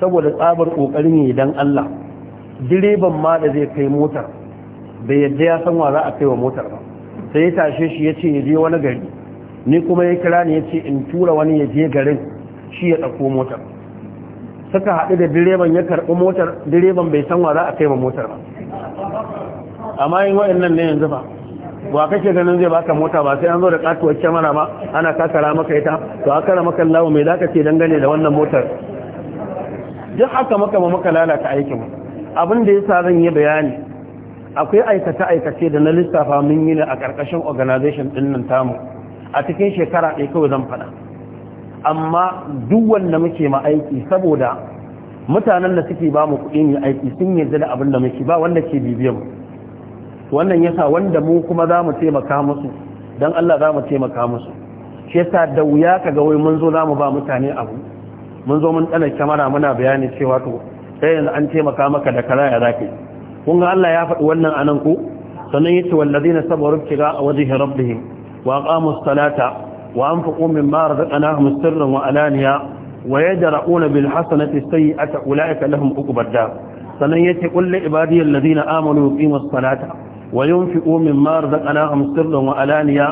Speaker 1: saboda tsabar ƙoƙarin yi don Allah direban ma da zai kai motar bai yadda ya san wa za a kai wa motar ba sai ya tashe shi ya ce ya je wani gari ni kuma ya kira ni ya ce in tura wani ya je garin shi ya ɗauko motar suka haɗu da direban ya karɓi motar direban bai san wa za a kai wa motar ba amma yin waɗannan ne yanzu ba wa kake ganin zai baka mota ba sai an zo da katuwar kyamara ba ana kakara maka ita to a kara maka lawo mai zaka ce dangane da wannan motar duk haka maka ma maka lalata aikin abin da sa zan yi bayani akwai aikace-aikace da na lissafa mun yi ne a ƙarƙashin organization ɗin nan tamu a cikin shekara ɗaya kawai zan faɗa amma duk wanda muke ma aiki saboda mutanen da suke ba mu kuɗi ne aiki sun yarda da abin da muke ba wanda ke bibiyan mu wannan yasa wanda mu kuma za mu taimaka musu don Allah za mu taimaka musu shi yasa da wuya ka ga wai mun zo za mu ba mutane abu mun zo mun tsana kyamara muna bayani cewa to sai yanzu an taimaka maka da kaza ya zaka kun ga Allah ya faɗi wannan anan ku sannan yace wallazina sabaru tiga wajhi rabbihim wa aqamu salata wa mara mimma razaqnahum sirran wa alaniya wa yadra'una bil hasanati sayyi'ata ulaika lahum uku dar sannan yace qul li ibadiyal ladina amanu yuqimus salata wa mara mimma razaqnahum sirran wa alaniya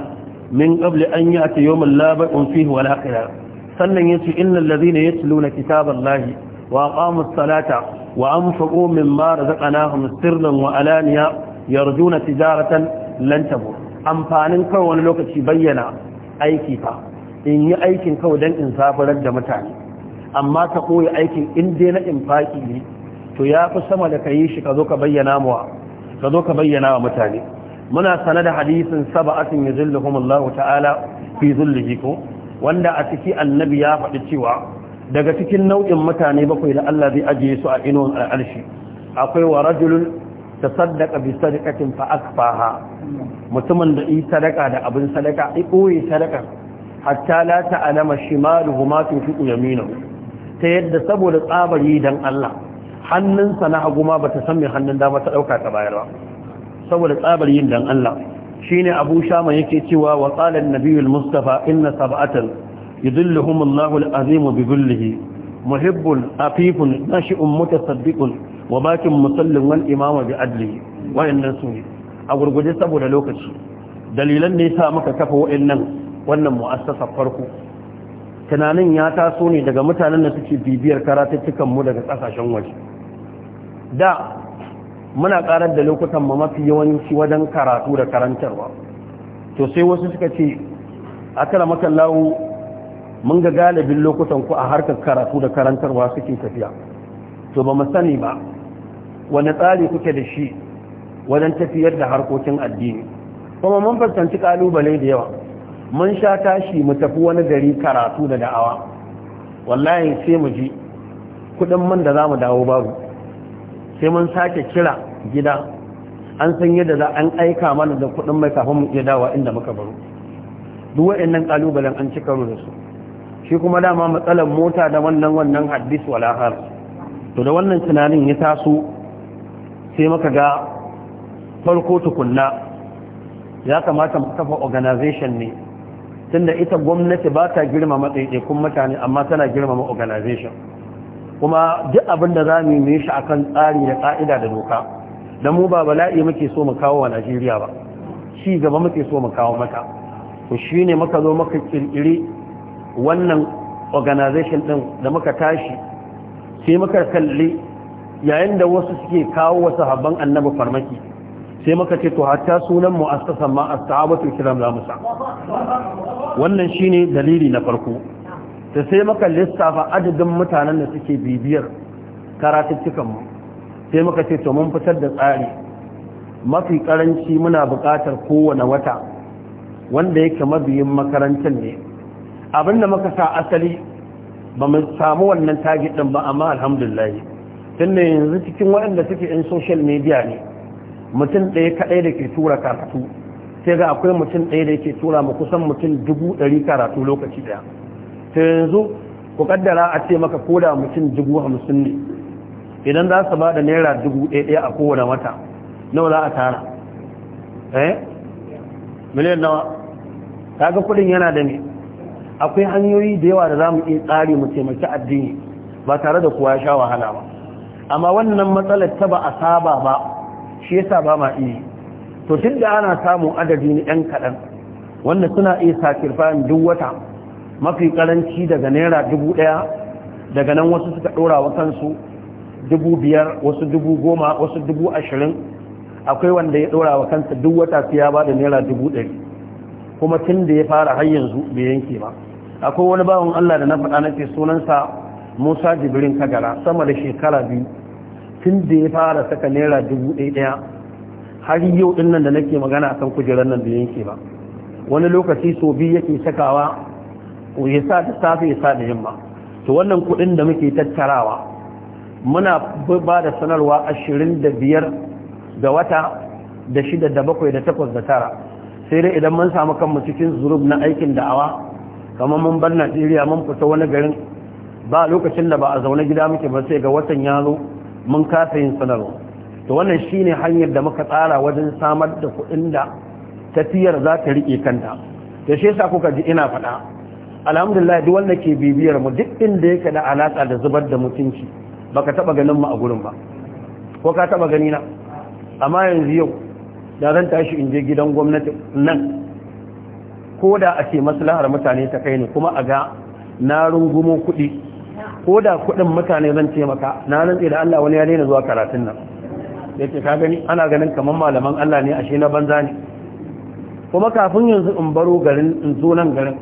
Speaker 1: min qabli an ya'ti yawmin la bai'un fihi wa la khilal sannan yace innal ladina kitabar lahi. وأقاموا الصلاة وأنفقوا مما رزقناهم سرا وألانيا يرجون تجارة لن تبور أمفانين كون لوكتي بينا أي كيفا إن يأيكن كودن إنصاف لن متعني أما تقول أيكن إن دين إنفاكي تياف السما لكيش كذوك بينا موا كذوك بينا ومتعني muna sane da hadisin saba'atin yuzilluhum Allah ta'ala fi zullihi ko wanda a ciki annabi ya faɗi cewa daga cikin nau'in mutane bakwai da Allah zai ajiye su a inuwan al'arshi akwai wa rajulun ta saddaka bi sadakatin fa akfaha mutumin da yi sadaka da abin sadaka yi koyi sadaka hatta la ta'lama shimaluhu ma tunfiqu yamina. ta yadda saboda tsabari dan Allah hannunsa na hagu ma bata san me hannun dama ta dauka ta bayar ba saboda tsabari dan Allah shine Abu Shama yake cewa wa qala an-nabiyul Mustafa inna sab'atan يذلهم الله العظيم بذله محب عفيف ناشئ متصدق وباك مسلم والإمام بعدله وإن نسوه أقول قد يسبب لوكش دليلا نيسا مكتف وإنن وإن مؤسسة فرقه tunanin ya taso ne daga mutanen da suke bibiyar karatuttukanmu daga ƙasashen waje da muna ƙarar da lokutan ma mafi yawanci wajen karatu da karantarwa to sai wasu suka ce a kara makallahu mun ga galibin lokutan ku a harkar karatu da karantarwa suke tafiya to ba mu sani ba wani tsari kuke da shi wajen tafiyar da harkokin addini kuma mun fuskanci kalubale da yawa mun sha tashi mu tafi wani gari karatu da da'awa wallahi sai mu ji kudin man da zamu dawo babu sai mun sake kira gida an san yadda za an aika mana da kudin mai kafin mu iya dawa inda muka baro duk waɗannan kalubalen an ci karo da su shi kuma dama matsalar mota da wannan wannan hadis walahar to da wannan tunanin ya taso sai maka ga farko tukunna ya kamata mu kafa organization ne tunda ita gwamnati ba ta girmama kun mutane amma tana girmama organization kuma duk abin da za mu yi shi akan tsari da ƙa'ida da doka da mu ba bala'i muke so mu kawo wa Najeriya ba ci gaba muke so mu kawo mata to shine muka zo muka kirkiri wannan organization ɗin da muka tashi sai muka kalli yayin da wasu suke kawo wasu habban annabi farmaki sai muka ce to hatta sunan mu'assasan ma as-sahabatu kiram la musa wannan shine dalili na farko da sai muka lissafa adadin mutanen da suke bibiyar karatuttukan mu sai muka ce to mun fitar da tsari mafi karanci muna bukatar kowane wata wanda yake mabiyin makarantar ne abinda maka sa asali ba mu samu wannan target din ba amma alhamdulillah tunda yanzu cikin waɗanda suke in social media ne mutum ɗaya kaɗai da ke tura karatu sai ga akwai mutum ɗaya da ke tura mu kusan mutum dubu ɗari karatu lokaci ɗaya ta yanzu ku kaddara a ce maka koda mutum dubu hamsin ne idan za su ba da naira dubu ɗaya ɗaya a kowane wata nawa za a tara eh miliyan nawa kaga kuɗin yana da ne akwai hanyoyi da yawa da za mu iya tsari mu taimaki addini ba tare da kuwa ya sha wahala ba amma wannan matsalar ta ba a saba ba shi yasa ba ma iya to tun da ana samun adadi na yan kaɗan wanda suna iya sakirfayin duk wata mafi karanci daga naira dubu ɗaya daga nan wasu suka ɗora wa kansu dubu biyar wasu dubu goma wasu dubu ashirin akwai wanda ya ɗora wa kansa duk wata fiya ba da naira dubu ɗari kuma tun da ya fara har yanzu bai yanke ba akwai wani bawan Allah da na faɗa nake sunansa Musa Jibrin Kagara sama da shekara biyu tun da ya fara saka naira dubu ɗaya har yau din nan da nake magana akan kujerar nan da yanke ba wani lokaci so biyu yake sakawa ya sa da safe ya sa da yamma to wannan kuɗin da muke tattarawa muna ba da sanarwa ashirin da biyar ga wata da shida da bakwai da takwas da tara sai dai idan mun samu kanmu cikin zurub na aikin da'awa kamar mun bar najeriya mun fita wani garin ba lokacin da ba a zaune gida muke ba sai ga watan ya zo mun kasa yin sanarwa to wannan shine hanyar da muka tsara wajen samar da kuɗin da tafiyar za ta riƙe kanta da shi yasa kuka ji ina faɗa alhamdulillah duk wanda ke bibiyar mu duk inda yake da alaƙa da zubar da mutunci baka taba ganin mu a gurin ba ko ka taɓa gani na amma yanzu yau da zan tashi in je gidan gwamnati nan ko da a ce maslahar mutane ta kai ne kuma a ga na rungumo kuɗi ko da kuɗin mutane zan ce maka na rantse da Allah wani ya daina zuwa karatun nan da ke ka gani ana ganin kamar malaman Allah ne ashe na banza ne kuma kafin yanzu in baro garin in zo nan garin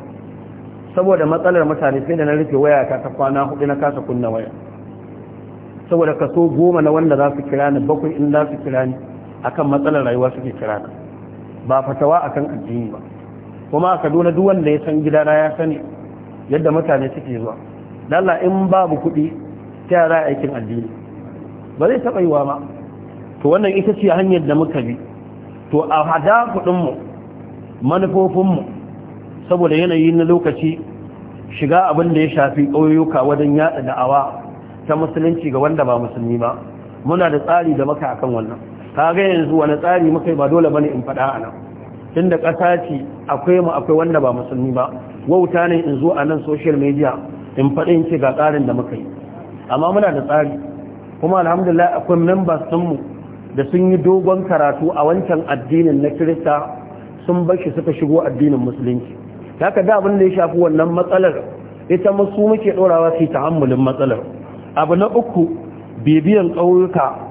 Speaker 1: saboda matsalar mutane sai da na rufe waya ta ta kwana hudu na kasa kunna waya saboda kaso goma na wanda za su kira ni bakwai in za su kira ni akan matsalar rayuwa suke kira ka ba fatawa akan addini ba kuma a kaduna duk wanda ya san gidana ya sani yadda mutane suke zuwa lalla in babu kuɗi ta yara aikin addini ba zai taɓa yiwa ma to wannan ita ce hanyar da muka bi to a hada kuɗinmu manufofinmu saboda yanayi na lokaci shiga abin da ya shafi ƙauyuka wajen yaɗa da'awa ta musulunci ga wanda ba musulmi ba muna da tsari da maka akan wannan kaga yanzu wani tsari muka ba dole bane in faɗa a nan tun da ƙasa ce akwai mu akwai wanda ba musulmi ba wauta ne in zo a nan social media in faɗi in ce ga tsarin da muka yi amma muna da tsari kuma alhamdulillah akwai members mu da sun yi dogon karatu a wancan addinin na kirista sun bar shi suka shigo addinin musulunci haka da abin da ya shafi wannan matsalar ita musu muke ɗorawa su yi matsalar abu na uku bibiyan ƙauyuka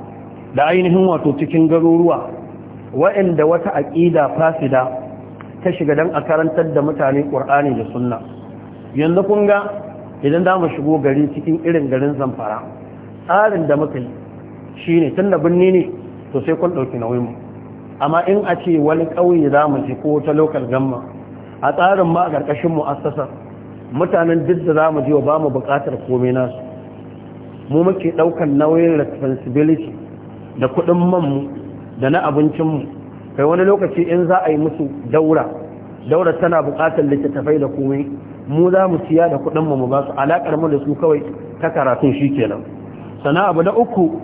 Speaker 1: da ainihin wato cikin garuruwa wa'anda wata aƙida fasida ta shiga don a karantar da mutane ƙur'ani da sunna yanzu kun ga idan za mu shigo gari cikin irin garin zamfara tsarin da muka yi shi ne tun da birni ne to sai kun ɗauki nauyinmu amma in a ce wani ƙauye za mu je ko ta lokal gamma a tsarin ma a ƙarƙashin mu'assasar mutanen duk da za mu je wa ba mu buƙatar komai nasu mu muke ɗaukar nauyin responsibility da kuɗin manmu da na abincinmu kai wani lokaci in za a yi musu daura daura tana buƙatar littattafai da komai mu za mu siya da kuɗin mu ba su alakar mu da su kawai ta karatun shi kenan sana abu na uku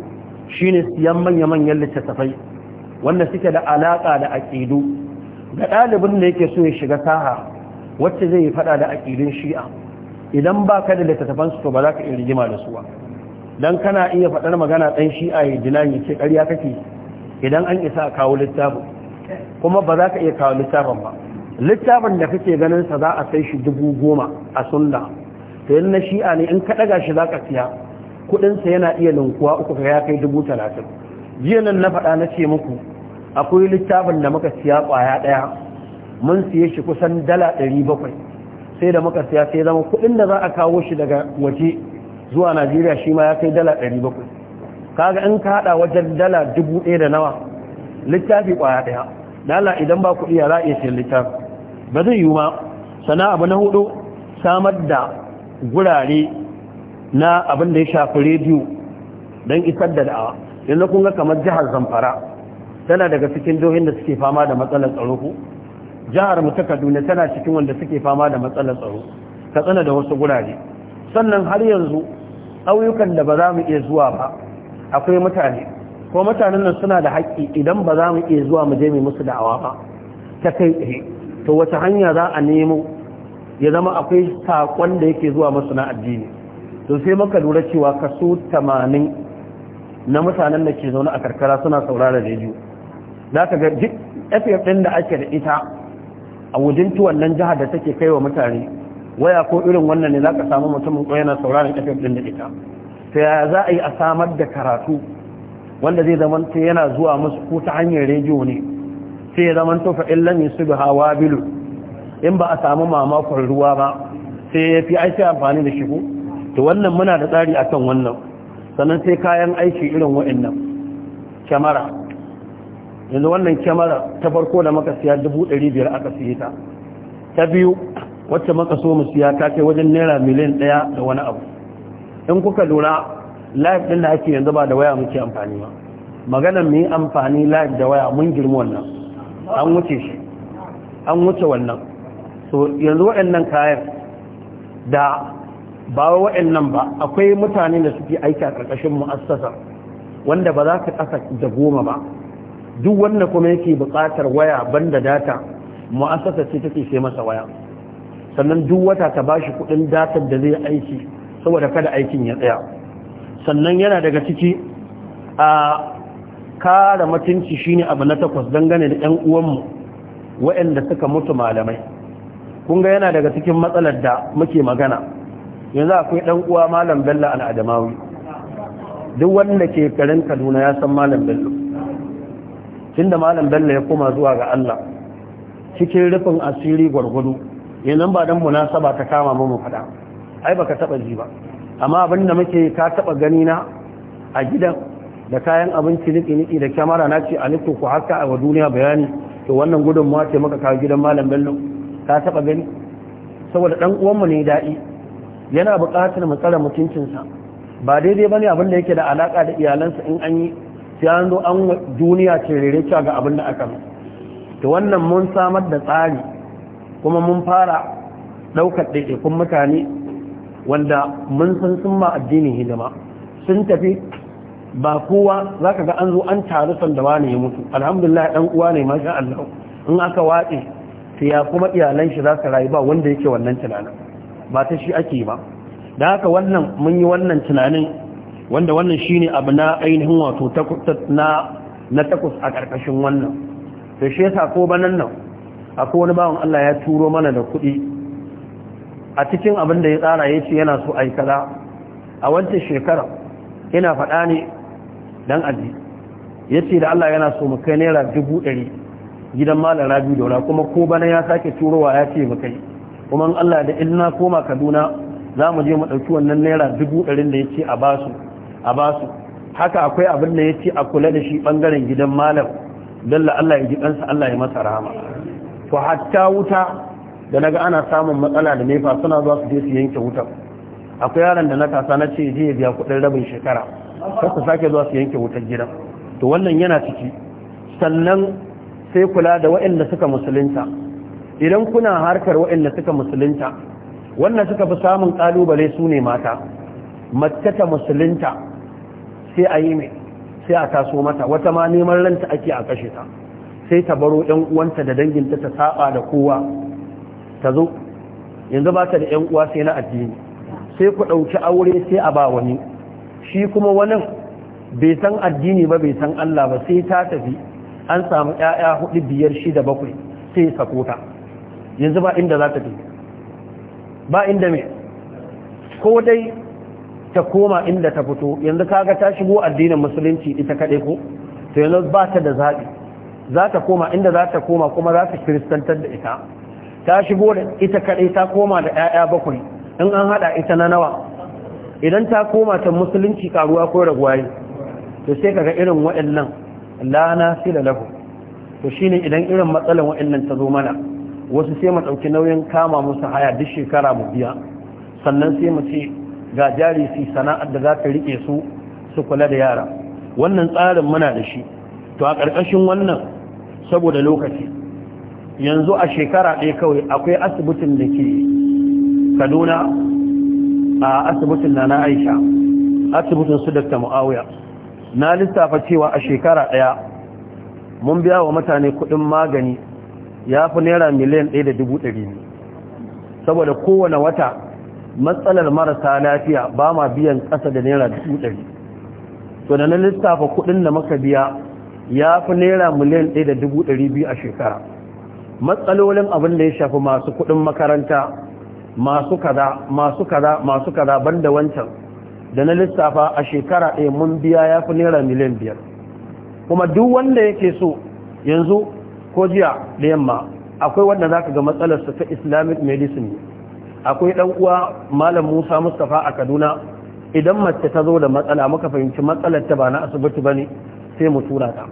Speaker 1: shine siyan manya-manyan littattafai wanda suke da alaka da aƙidu ga ɗalibin da yake so ya shiga saha wacce zai yi faɗa da aƙidun shi'a idan ba ka da littattafan su to ba za ka iya rigima da su ba dan kana iya faɗar magana ɗan shi'a ya dinani ce ƙarya kake idan an isa a kawo littafin kuma ba za ka iya kawo littafin ba littafin da kake ganin sa za a sai shi dubu goma a sunna to yin na shi'a ne in ka ɗaga shi za ka siya kuɗinsa yana iya linkuwa uku ka ya kai dubu talatin jiya nan na faɗa na ce muku akwai littafin da muka siya kwaya ɗaya mun siye shi kusan dala ɗari bakwai sai da muka siya sai zama kuɗin da za a kawo shi daga waje zuwa najeriya shi ma ya kai dala 700 kaga in ka hada wajen dala 1000 da nawa littafi kwaya daya dala idan ba kuɗi ya za littafi ba zai yiwu ma sana abu na hudu samar da gurare na abin da ya shafi rediyo don isar da da'awa yanzu kun ga kamar jihar zamfara tana daga cikin jihohin da suke fama da matsalar tsaro ko jihar mu ta kaduna tana cikin wanda suke fama da matsalar tsaro ka tsana da wasu gurare sannan har yanzu ƙauyukan da ba za mu iya zuwa ba akwai mutane ko mutanen nan suna da haƙƙi idan ba za mu iya zuwa mu je mai musu da'awa ba ta kai tsaye to wata hanya za a nemo ya zama akwai saƙon da yake zuwa masu na addini to sai muka lura cewa kaso tamanin na mutanen da ke zaune a karkara suna saurara rediyo za ka ga duk ɗin da ake da ita a tuwon nan jihar da take kai wa mutane waya ko irin wannan ne za ka samu mutumin ko yana sauraron kafin ɗin da ita ta yaya za a yi a samar da karatu wanda zai zama yana zuwa musu ko ta hanyar rediyo ne sai ya zama tofa illan yi su da hawa bilu in ba a samu mamakon ruwa ba sai ya fi aiki amfani da shigo to wannan muna da tsari akan wannan sannan sai kayan aiki irin wa'annan kyamara yanzu wannan kyamara ta farko da muka siya dubu ɗari biyar aka siye ta biyu wacce maka so mu siya ta kai wajen naira miliyan ɗaya da wani abu in kuka lura live ɗin da ake yanzu ba da waya muke amfani ba maganar mu yi amfani live da waya mun girma wannan an wuce shi an wuce wannan so yanzu waɗannan kayan da ba waɗannan ba akwai mutane da suke aiki a ƙarƙashin mu'assasa wanda ba za ka ƙasa da goma ba duk wanda kuma yake buƙatar waya banda data mu'assasa ce take sai masa waya sannan duk wata ka shi kudin datar da zai aiki saboda kada aikin ya tsaya sannan yana daga ciki a kara mutunci shine abu na takwas dangane da ƴan uwanmu waɗanda suka mutu malamai Kunga yana daga cikin matsalar da muke magana yanzu akwai ɗan uwa malam bello al'adamawi duk wanda ke karin kaduna ya san malam bello tunda malam bello ya koma zuwa ga allah cikin rufin asiri gwargwado yanzu ba don munasaba ta kama mu faɗa ai baka taba ji ba amma abin da muke ka taɓa gani na a gidan da kayan abinci niki niki da kyamara na ce aliku ku haka a wa duniya bayani to wannan gudunmawa ce maka kawo gidan malam bello ka taɓa gani saboda ɗan uwanmu ne daɗi yana buƙatar mu tsara mutuncinsa ba daidai ba ne abin da yake da alaka da iyalansa in an yi sai an zo an duniya ce rere ga abin da aka to wannan mun samar da tsari kuma mun fara ɗaukar ɗaiɗaikun mutane wanda mun san sun ma addinin hidima sun tafi ba kowa za ka ga an zo an taru sandawa ne ya mutu alhamdulillah ɗan uwa ne masha Allah in aka watse to ya kuma iyalan shi za ka rayu ba wanda yake wannan tunanin ba ta shi ake ba da haka wannan mun yi wannan tunanin wanda wannan shi ne abu na ainihin wato na takwas a ƙarƙashin wannan to shi ko banan nan akwai wani bawan Allah ya turo mana da kuɗi a cikin abin da ya tsara ya ce yana so aikala a wancan shekara yana faɗa ne dan aji ya ce da Allah yana so mu kai naira dubu ɗari gidan malam rabi daura kuma ko bana ya sake turowa ya ce mu kai kuma Allah da ina koma Kaduna za mu je mu ɗauki wannan naira dubu ɗarin da ya ce a basu a basu haka akwai abin da ya ce a kula da shi bangaren gidan malam dalla Allah ya ji ɗansa Allah ya masa rahama to hatta wuta da naga ana samun matsala da nefa suna zuwa su je su yanke wuta akwai yaron da na kasa na ce je biya kuɗin rabin shekara kar su sake zuwa su yanke wutar gida to wannan yana ciki sannan sai kula da waɗanda suka musulunta idan kuna harkar waɗanda suka musulunta wannan suka fi samun ƙalubale su ne mata matata musulunta sai a yi mai sai a taso mata wata ma neman ranta ake a kashe ta sai ta baro yan uwanta da danginta ta saba da kowa ta zo yanzu ba ta da yan uwa sai na addini sai ku ɗauki aure sai a ba wani shi kuma wani bai san addini ba bai san Allah ba sai ta tafi an samu ƴaƴa hudu biyar shida bakwai sai ya sako ta yanzu ba inda za ta tafi ba inda me ko dai ta koma inda ta fito yanzu kaga ta shigo addinin musulunci ita kaɗai ko to yanzu ba ta da zaɓi za ta koma inda za ta koma kuma za ta kiristantar da ita ta shigo da ita kaɗai ta koma da 'ya'ya bakwai in an haɗa ita na nawa idan ta koma ta musulunci karuwa ko ragwaye, to sai kaga irin waɗannan lana da lahu to shine idan irin matsalan waɗannan ta zo mana wasu sai mu ɗauki nauyin kama musu haya duk shekara mu biya sannan sai mu ce ga jari su sana'ar da za ta riƙe su su kula da yara wannan tsarin muna da shi to a ƙarƙashin wannan saboda lokaci yanzu a shekara ɗaya kawai akwai asibitin da ke kaduna a asibitin na aisha asibitin su dakta mu'awiya na lissafa cewa a shekara ɗaya mun biya wa mutane kuɗin magani ya fi naira miliyan ɗaya da dubu ɗari ne saboda kowane wata matsalar marasa lafiya ba ma biyan ƙasa da naira dubu ɗari to da na lissafa kuɗin da muka biya ya fi naira miliyan ɗaya da dubu ɗari biyu a shekara matsalolin abin da ya shafi masu kuɗin makaranta masu kaza masu kaza masu kaza banda wancan da na lissafa a shekara ɗaya mun biya ya fi naira miliyan biyar kuma duk wanda yake so yanzu ko jiya da yamma akwai wanda za ka ga matsalarsa ta islamic medicine akwai ɗan uwa malam musa mustapha a kaduna idan mace ta zo da matsala muka fahimci matsalar ta ba na asibiti ba ne sai mu tura ta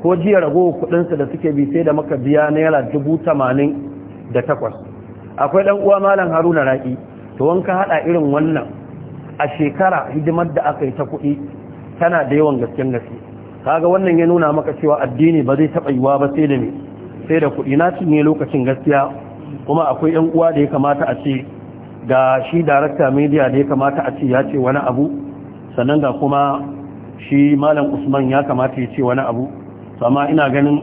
Speaker 1: ko jiya rago kuɗinsa da suke bi sai da maka biya naira dubu tamanin da takwas akwai ɗan uwa malam haruna raki to wanka haɗa irin wannan a shekara hidimar da aka yi ta kuɗi tana da yawan gasken gaske kaga wannan ya nuna maka cewa addini ba zai taɓa yiwa ba sai da me sai da kuɗi na ne lokacin gaskiya kuma akwai ɗan uwa da ya kamata a ce ga shi darakta media da ya kamata a ce ya ce wani abu sannan ga kuma shi malam usman ya kamata ya ce wani abu amma ina ganin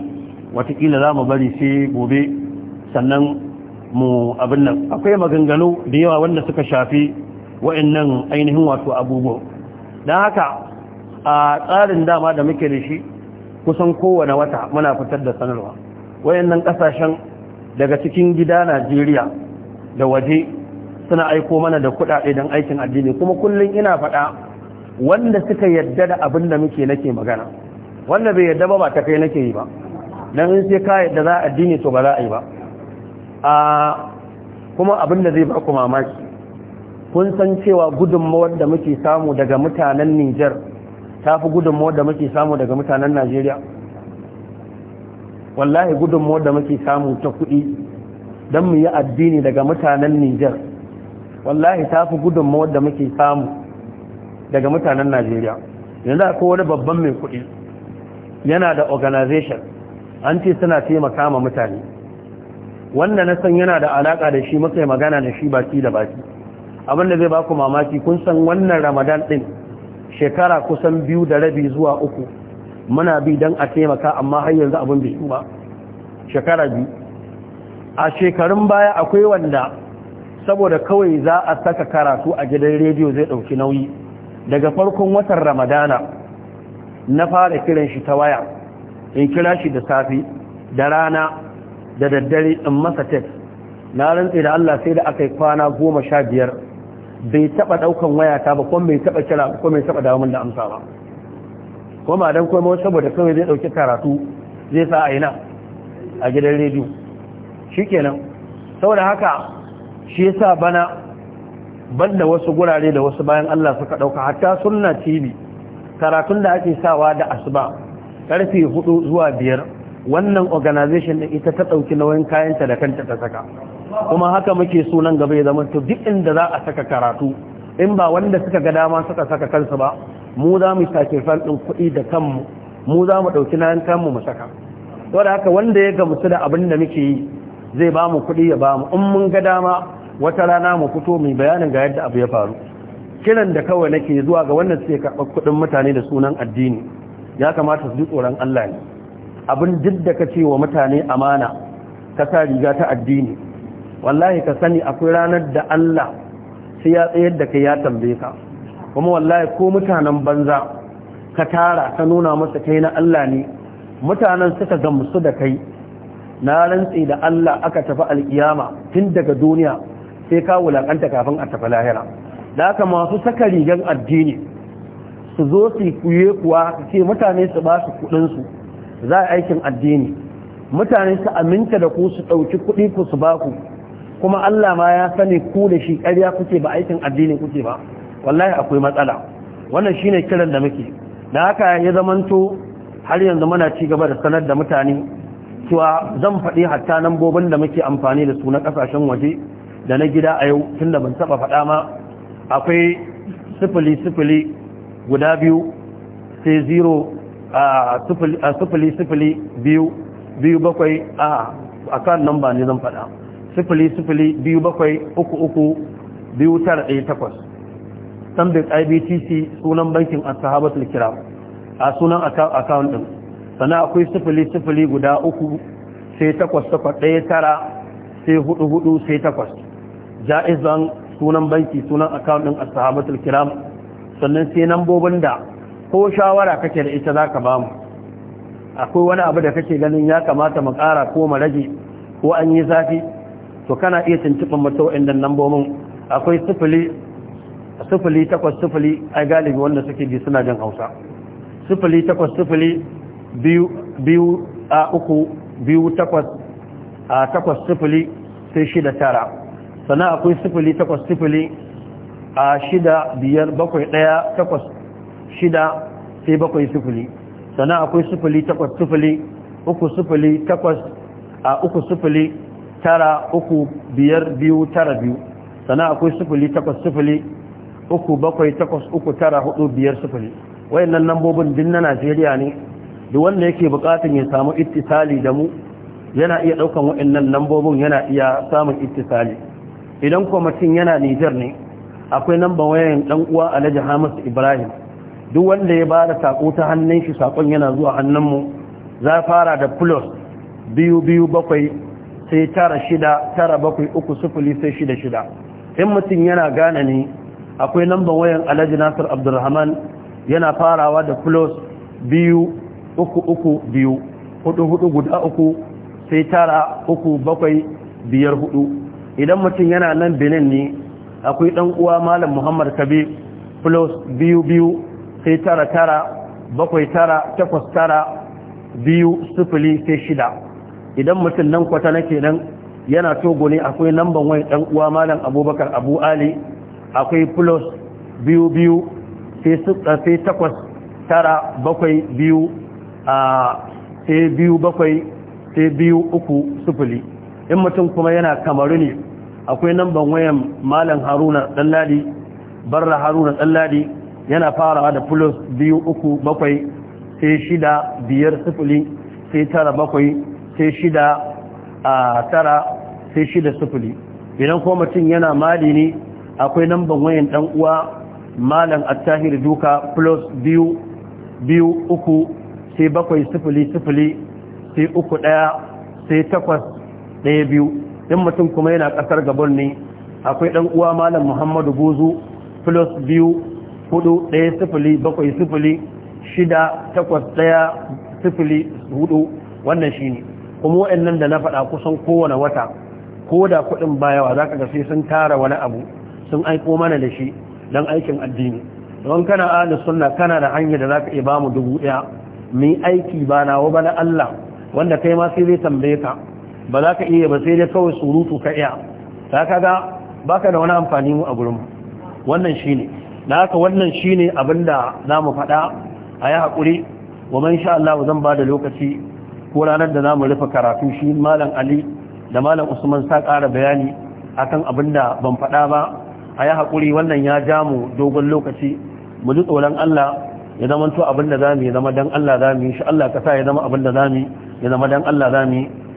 Speaker 1: watakila za mu bari sai gobe sannan mu abin nan akwai maganganu da yawa wanda suka shafi wa'annan ainihin wato abubuwa don haka a tsarin dama da muke da shi kusan kowane wata muna fitar da sanarwa wayannan kasashen daga cikin gida Najeriya da waje suna aiko mana da kuɗaɗe don aikin addini kuma kullum ina faɗa wanda suka yadda da abin da muke nake magana wanda bai yadda ba ba ta kai nake yi ba don in sai ka yadda za a addini to ba za a yi ba a kuma abin da zai ba ku mamaki kun san cewa gudunmawar da muke samu daga mutanen Nijar ta fi gudunmawar da muke samu daga mutanen Najeriya wallahi gudunmawar da muke samu ta kuɗi don mu yi addini daga mutanen Nijar wallahi ta fi gudunmawar da muke samu daga mutanen najeriya yanzu akwai wani babban mai kuɗi yana da organization an ce suna taimaka ma mutane Wannan na san yana da alaka da shi muka magana da shi baki da baki abinda zai baku mamaki kun san wannan ramadan ɗin shekara kusan biyu da rabi zuwa uku muna bi don a taimaka amma har yanzu abin bai ba shekara biyu a shekarun baya akwai wanda saboda kawai za a saka karatu a gidan rediyo zai ɗauki nauyi daga farkon watan ramadana na fara kiran shi ta waya in kira shi da safi da rana da daddare in masa tek na rantse da Allah sai da aka yi kwana goma sha biyar bai taɓa ɗaukan wayata ba kuma bai taɓa kira ko bai taɓa damun da amsa ba kuma don kuma saboda kawai zai ɗauki karatu zai sa a ina a gidan rediyo shi kenan saboda haka shi yasa bana Ban da wasu gurare da wasu bayan Allah suka dauka hatta sunna TV karatun da ake sawa da asuba karfe 4 zuwa biyar, wannan organization din ita ta dauki nauyin kayanta da kanta ta saka kuma haka muke so nan gaba ya zama to duk inda za a saka karatu in ba wanda suka ga dama suka saka kansu ba mu za mu sake ɗin kuɗi da kanmu mu za mu ɗauki nayan kanmu mu saka saboda haka wanda ya gamsu da abin da muke yi zai ba mu kuɗi ya ba mu in mun ga dama wata rana mu fito mai bayanin ga yadda abu ya faru kiran da kawai nake zuwa ga wannan suke karɓar kuɗin mutane da sunan addini ya kamata su ji tsoron Allah ne abin duk da ka ce wa mutane amana ka sa riga ta addini wallahi ka sani akwai ranar da Allah sai ya tsayar da kai ya tambaye ka kuma wallahi ko mutanen banza ka tara ka nuna masa kai na Allah ne mutanen suka gamsu da kai na rantsi da Allah aka tafi alkiyama tun daga duniya sai ka wulakanta kafin a tafi lahira da haka masu saka rigar addini su zo su kuye kuwa ce mutane su ba su kudinsu za a aikin addini mutane su aminta da ku su ɗauki kuɗi ku su ba ku kuma Allah ma ya sani ku da shi ƙarya kuke ba aikin addini kuke ba wallahi akwai matsala wannan shine kiran da muke da haka ya zamanto har yanzu muna ci gaba da sanar da mutane cewa zan faɗi hatta nan bobin da muke amfani da su na ƙasashen waje da na gida a yau tun da ban taba faɗa ma akwai sifili sifili guda biyu sai zero a sifili sifili biyu biyu bakwai a akan nan ba ne zan faɗa sifili sifili biyu bakwai uku uku biyu tara ɗaya takwas tambik ibtc sunan bankin a asahabatul kiram a sunan akawun ɗin sana akwai sifili sifili guda uku sai takwas takwas ɗaya tara sai hudu hudu sai takwas jaizan sunan banki sunan account din ashabatul kiram sannan sai nambobin da ko shawara kake da ita zaka ba mu akwai wani abu da kake ganin ya kamata mu kara ko mu rage ko an yi zafi to kana iya tuntuɓin mata waɗannan nambobin akwai sufuli sufuli takwas sufuli ai galibi wanda suke ji suna jin hausa sufuli takwas sufuli biyu a uku biyu takwas a takwas sufuli sai shida tara sannan akwai sifili takwas sifili a shida biyar bakwai ɗaya takwas shida sai bakwai sifili sannan akwai sifili takwas sifili uku sifili takwas a uku sifili tara uku biyar biyu tara biyu sannan akwai sifili takwas sifili uku bakwai takwas uku tara hudu biyar sifili wayannan lambobin din na najeriya ne da wanda yake bukatun ya samu ittisali da mu yana iya daukan wayannan lambobin yana iya samun ittisali idan kuma mutum yana nijar ne akwai namba wayan dan uwa alhaji hamisu ibrahim duk wanda ya bada sako ta hannun shi sakon yana zuwa hannun mu za fara da plus biyu biyu bakwai sai tara shida tara bakwai uku sufuli sai shida shida in mutum yana gane ne akwai namban wayan alhaji nasir abdulrahman yana farawa da plus biyu uku uku biyu hudu hudu guda uku sai tara uku bakwai biyar hudu idan mutum yana nan benin ne akwai ɗan uwa malam muhammad kabe plus biyu biyu sai tara tara bakwai tara takwas tara biyu sufuli sai shida idan mutum nan kwata nake nan yana togo ne akwai namban wani ɗan uwa malam abubakar abu ali akwai plus biyu biyu sai eh, takwas tara bakwai biyu a ah, sai biyu bakwai sai biyu uku sufuli in mutum kuma yana kamaru ne akwai ban wayan malam haruna ɗanladi barra haruna ɗanladi yana farawa da plus biyu uku bakwai sai shida biyar sifili sai tara bakwai sai shida tara sai shida idan kuma mutum yana mali ne akwai namban wayan ɗan uwa malam attahir duka plus biyu biyu uku sai bakwai sifili sifili sai uku ɗaya sai takwas ɗaya biyu ɗin mutum kuma yana ƙasar gabon ne akwai ɗan uwa malam muhammadu buzu plus biyu hudu ɗaya sifili bakwai sifili shida takwas ɗaya sifili hudu wannan shi ne kuma waɗannan da na faɗa kusan kowane wata ko da kuɗin bayawa za ka gasi sun tara wani abu sun aiko mana da shi don aikin addini don kana ahlus sunna kana da hanyar da za ka iya ba mu dubu ɗaya mu aiki ba nawa ba na Allah wanda kai ma sai zai tambaye ka ba za ka iya ba sai dai kawai surutu ka iya ta kaga ka da wani amfani mu a gurin wannan ne na haka wannan shine abinda mu faɗa a yi haƙuri wa man sha Allah zan ba da lokaci ko ranar da za mu rufe karatu shi malam Ali da malam Usman sa ƙara bayani akan abinda ban faɗa ba a yi haƙuri wannan ya ja mu dogon lokaci mu ji tsoron Allah ya zama to abinda mu yi zama dan Allah mu yi shi Allah ka sa ya zama abinda mu yi ya zama dan Allah mu yi